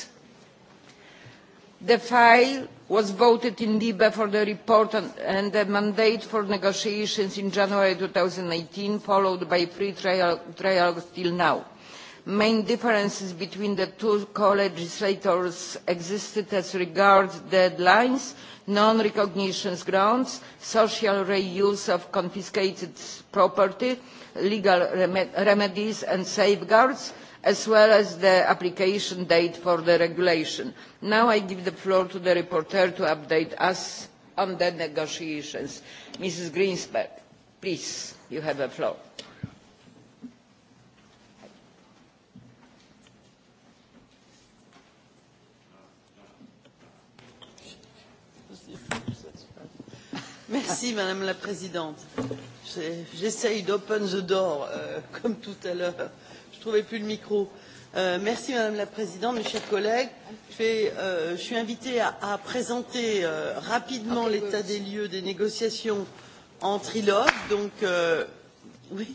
the file was voted in libe for the report and a mandate for negotiations in january two thousand and eighteen followed by three trialogues till now. main differences between the two co legislators existed as regards deadlines non recognition grounds social reuse of confiscated property legal remedies and safeguards as well as the application date for the regulation. Now I give the floor to the reporter to update us on the negotiations. Mrs. Greensberg, please, you have the floor. Merci, Madame la Présidente. J'essaye d'open the door, euh, comme tout à l'heure je ne trouvais plus le micro. Euh, merci Madame la Présidente, mes chers collègues. Je, vais, euh, je suis invitée à, à présenter euh, rapidement okay, l'état des lieux des négociations en trilogue. Donc, euh, oui,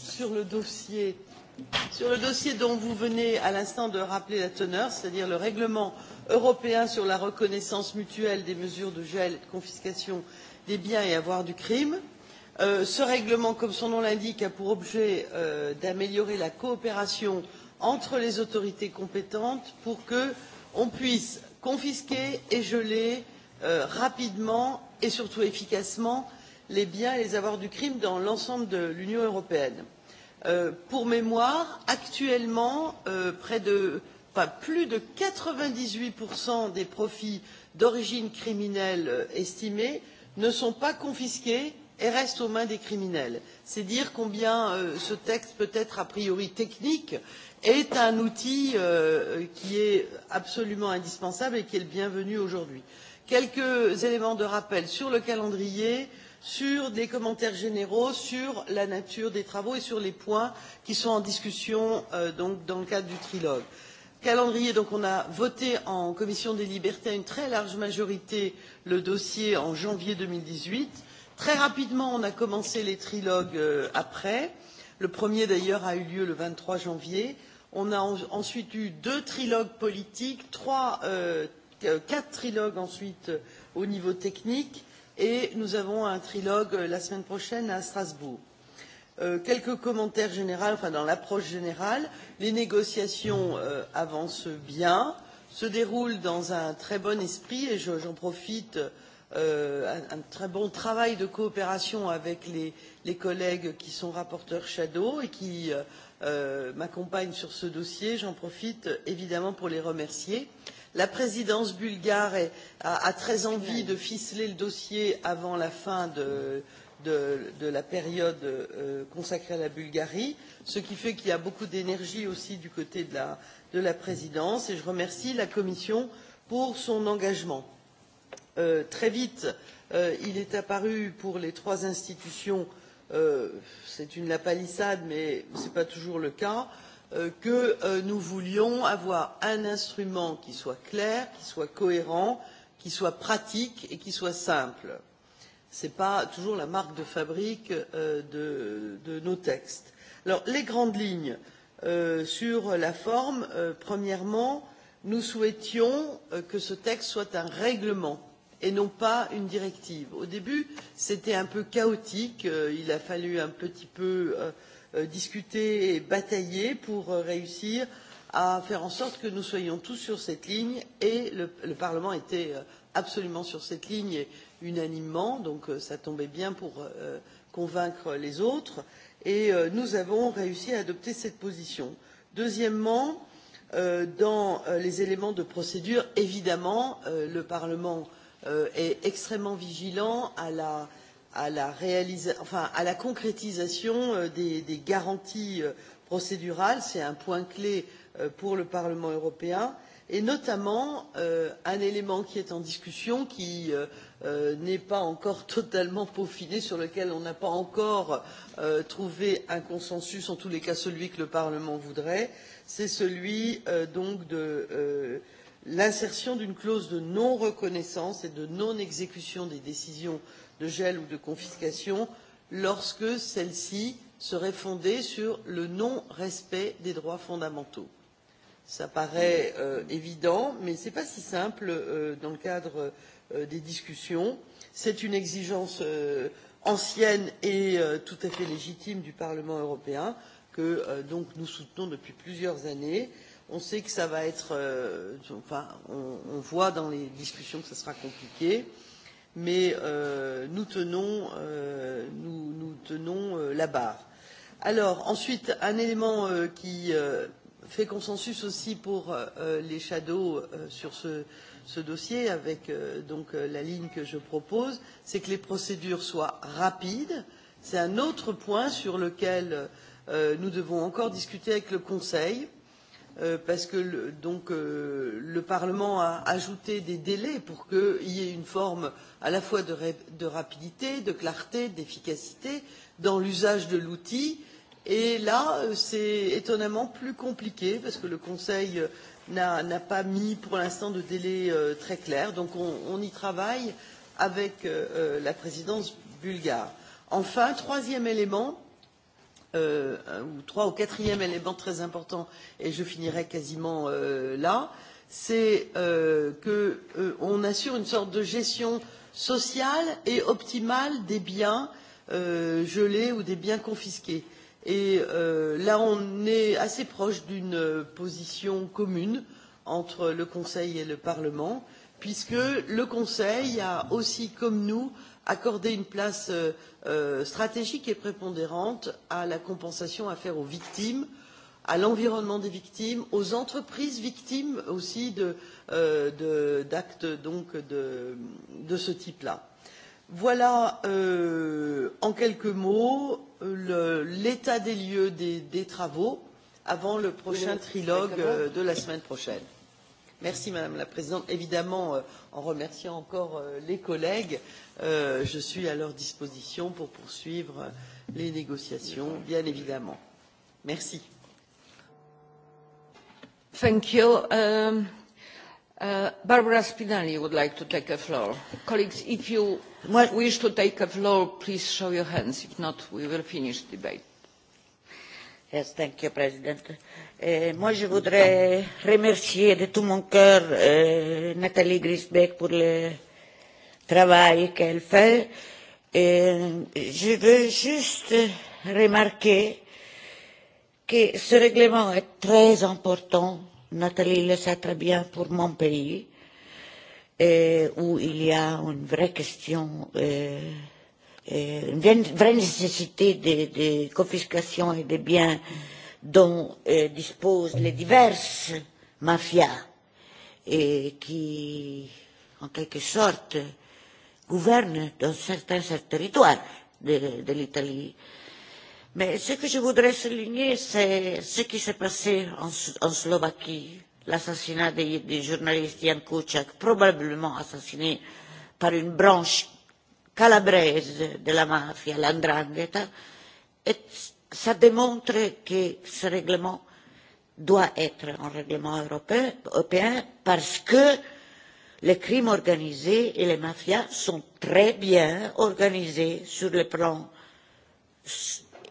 sur le dossier, sur le dossier dont vous venez à l'instant de rappeler la teneur, c'est-à-dire le règlement européen sur la reconnaissance mutuelle des mesures de gel et de confiscation des biens et avoirs du crime. Euh, Euh, ce règlement, comme son nom l'indique, a pour objet euh, d'améliorer la coopération entre les autorités compétentes pour qu'on puisse confisquer et geler euh, rapidement et surtout efficacement les biens et les avoirs du crime dans l'ensemble de l'Union européenne. Euh, pour mémoire, actuellement, euh, près de, enfin, plus de 98% des profits d'origine criminelle euh, estimés ne sont pas confisqués et reste aux mains des criminels. c'est dire combien euh, ce texte peut être a priori technique est un outil euh, qui est absolument indispensable et qui est le bienvenu aujourd'hui. quelques éléments de rappel sur le calendrier sur des commentaires généraux sur la nature des travaux et sur les points qui sont en discussion euh, donc, dans le cadre du trilogue. calendrier donc on a voté en commission des libertés à une très large majorité le dossier en janvier deux mille dix huit très rapidement on a commencé les trilogues euh, après le premier d'ailleurs a eu lieu le vingt trois janvier on a ensuite eu deux trilogues politiques trois, euh, euh quatre trilogues ensuite euh, au niveau technique et nous avons un trilogue la semaine prochaine à strasbourg. Euh, quelques commentaires généraux enfin dans l'approche générale les négociations euh, avancent bien se déroulent dans un très bon esprit et j'en profite pour euh, un, un très bon travail de coopération avec les, les collègues qui sont rapporteurs shadow et qui euh, euh, m'accompagnent sur ce dossier. J'en profite évidemment pour les remercier. La présidence bulgare est, a, a très envie de ficeler le dossier avant la fin de, de, de la période euh, consacrée à la Bulgarie, ce qui fait qu'il y a beaucoup d'énergie aussi du côté de la, de la présidence et je remercie la Commission pour son engagement. Euh, euh, très vite euh, il est apparu pour les trois institutions euh, c'est une la palissade mais ce n'est pas toujours le cas euh, que euh, nous voulions avoir un instrument qui soit clair qui soit cohérent qui soit pratique et qui soit simple. ce n'est pas toujours la marque de fabrique euh, de, de nos textes. Alors, les grandes lignes sur la forme premièrement nous souhaitions que ce texte soit un règlement et non pas une directive. au début c'était un peu chaotique euh, il a fallu un petit peu euh, euh, discuter et batailler pour réussir à faire en sorte que nous soyons tous sur cette ligne et le, le parlement était absolument sur cette ligne et unanimement donc ça tombait bien pour euh, convaincre les autres et euh, nous avons réussi à adopter cette position. deuxièmement euh, dans les éléments de procédure évidemment le parlement euh, est extrêmement vigilant à la, à la, réalisa... enfin, à la concrétisation euh, des, des garanties euh, procédurales. C'est un point clé euh, pour le Parlement européen et notamment euh, un élément qui est en discussion qui euh, euh, n'est pas encore totalement peaufiné sur lequel on n'a pas encore euh, trouvé un consensus en tous les cas celui que le parlement voudrait c'est celui euh, donc de euh, l'insertion d'une clause de non reconnaissance et de non exécution des décisions de gel ou de confiscation lorsque celles ci seraient fondées sur le non respect des droits fondamentaux. Cela paraît euh, évident, mais ce n'est pas si simple euh, dans le cadre euh, des discussions. C'est une exigence euh, ancienne et euh, tout à fait légitime du Parlement européen que euh, donc, nous soutenons depuis plusieurs années. Euh, on sait que ça va être, euh, enfin, on, on voit dans les discussions que ça sera compliqué, mais euh, nous tenons, euh, nous, nous tenons euh, la barre. Alors ensuite, un élément euh, qui euh, fait consensus aussi pour euh, les shadows euh, sur ce, ce dossier, avec euh, donc euh, la ligne que je propose, c'est que les procédures soient rapides. C'est un autre point sur lequel euh, nous devons encore discuter avec le Conseil. Euh, Euh, parce que donc euh, le Parlement a ajouté des délais pour qu'il y ait une forme à la fois de, de rapidité, de clarté, d'efficacité dans l'usage de l'outil. Et là, euh, c'est étonnamment plus compliqué parce que le Conseil n'a pas mis pour l'instant de délai euh, très clair. Donc on, on y travaille avec euh, la présidence bulgare. Enfin, troisième élément, euh, euh, ou trois ou quatrième élément très important, et je finirai quasiment euh, là, c'est euh, qu'on euh, assure une sorte de gestion sociale et optimale des biens euh, gelés ou des biens confisqués. Et euh, là, on est assez proche d'une position commune entre le Conseil et le Parlement, puisque le Conseil a aussi, comme nous, euh, accorder une place euh, euh, stratégique et prépondérante à la compensation à faire aux victimes à l'environnement des victimes aux entreprises victimes aussi euh, d'actes euh, de, de ce type là. voilà euh, en quelques mots l'état des lieux des, des travaux avant le prochain trilogue euh, de la semaine prochaine. Merci Madame la Présidente. Évidemment, euh, en remerciant encore euh, les collègues, euh, je suis à leur disposition pour poursuivre euh, les négociations, bien évidemment. Merci. Thank you. Um, uh, Barbara Spinelli would like to take the floor. Colleagues, if you Moi, wish to take the floor, please show your hands. If not, we will finish debate. Yes, thank you, President. Euh, moi, je voudrais remercier de tout mon cœur euh, Nathalie Grisbeck pour le travail qu'elle fait. Et eh, je veux juste remarquer que ce règlement est très important. Nathalie le sait très bien pour mon pays, et eh, où il y a une vraie question euh, Euh, vraie nécessité de, de confiscation et des biens dont euh, disposent les diverses mafias et qui, en quelque sorte, gouvernent dans certains territoires de, de l'Italie. Mais ce que je voudrais souligner, c'est ce qui s'est passé en, en Slovaquie, l'assassinat du journaliste Jan Kuciak, probablement assassiné par une branche calabrese della mafia, l'andrangheta, et ça démontre que ce règlement doit être e un règlement européen, européen parce que les crimes organisés et les mafias sont très bien organisés sur le plan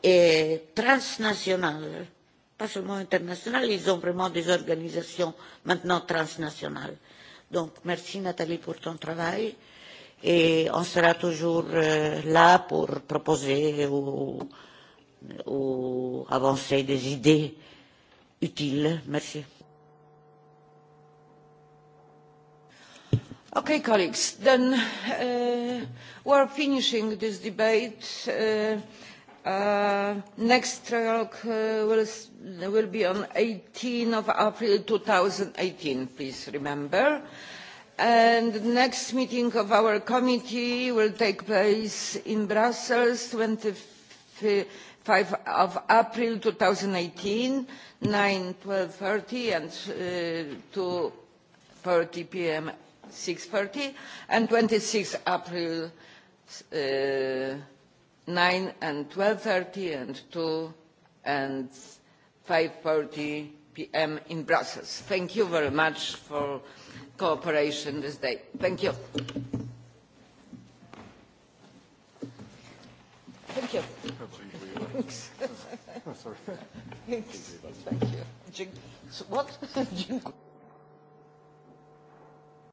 et transnational, pas seulement international, ils ont vraiment des organisations maintenant transnationales. Donc merci Nathalie pour ton travail et on sera toujours euh, là pour proposer ou, ou avancer des idées utiles. Merci. Okay, colleagues, then uh, we're finishing this debate. Uh, uh, next trialogue uh, will, will be on 18 of April 2018, please remember. Uh, and the next meeting of our committee will take place in brussels twenty five april two thousand and eighteen nine twelve thirty and uh, two thirty pm six thirty and twenty six april uh, nine and twelve thirty and two and five thirty pm in brussels. thank you very much for cooperation this day. Thank you. Thank you. Thanks. Thanks. Thank you. What?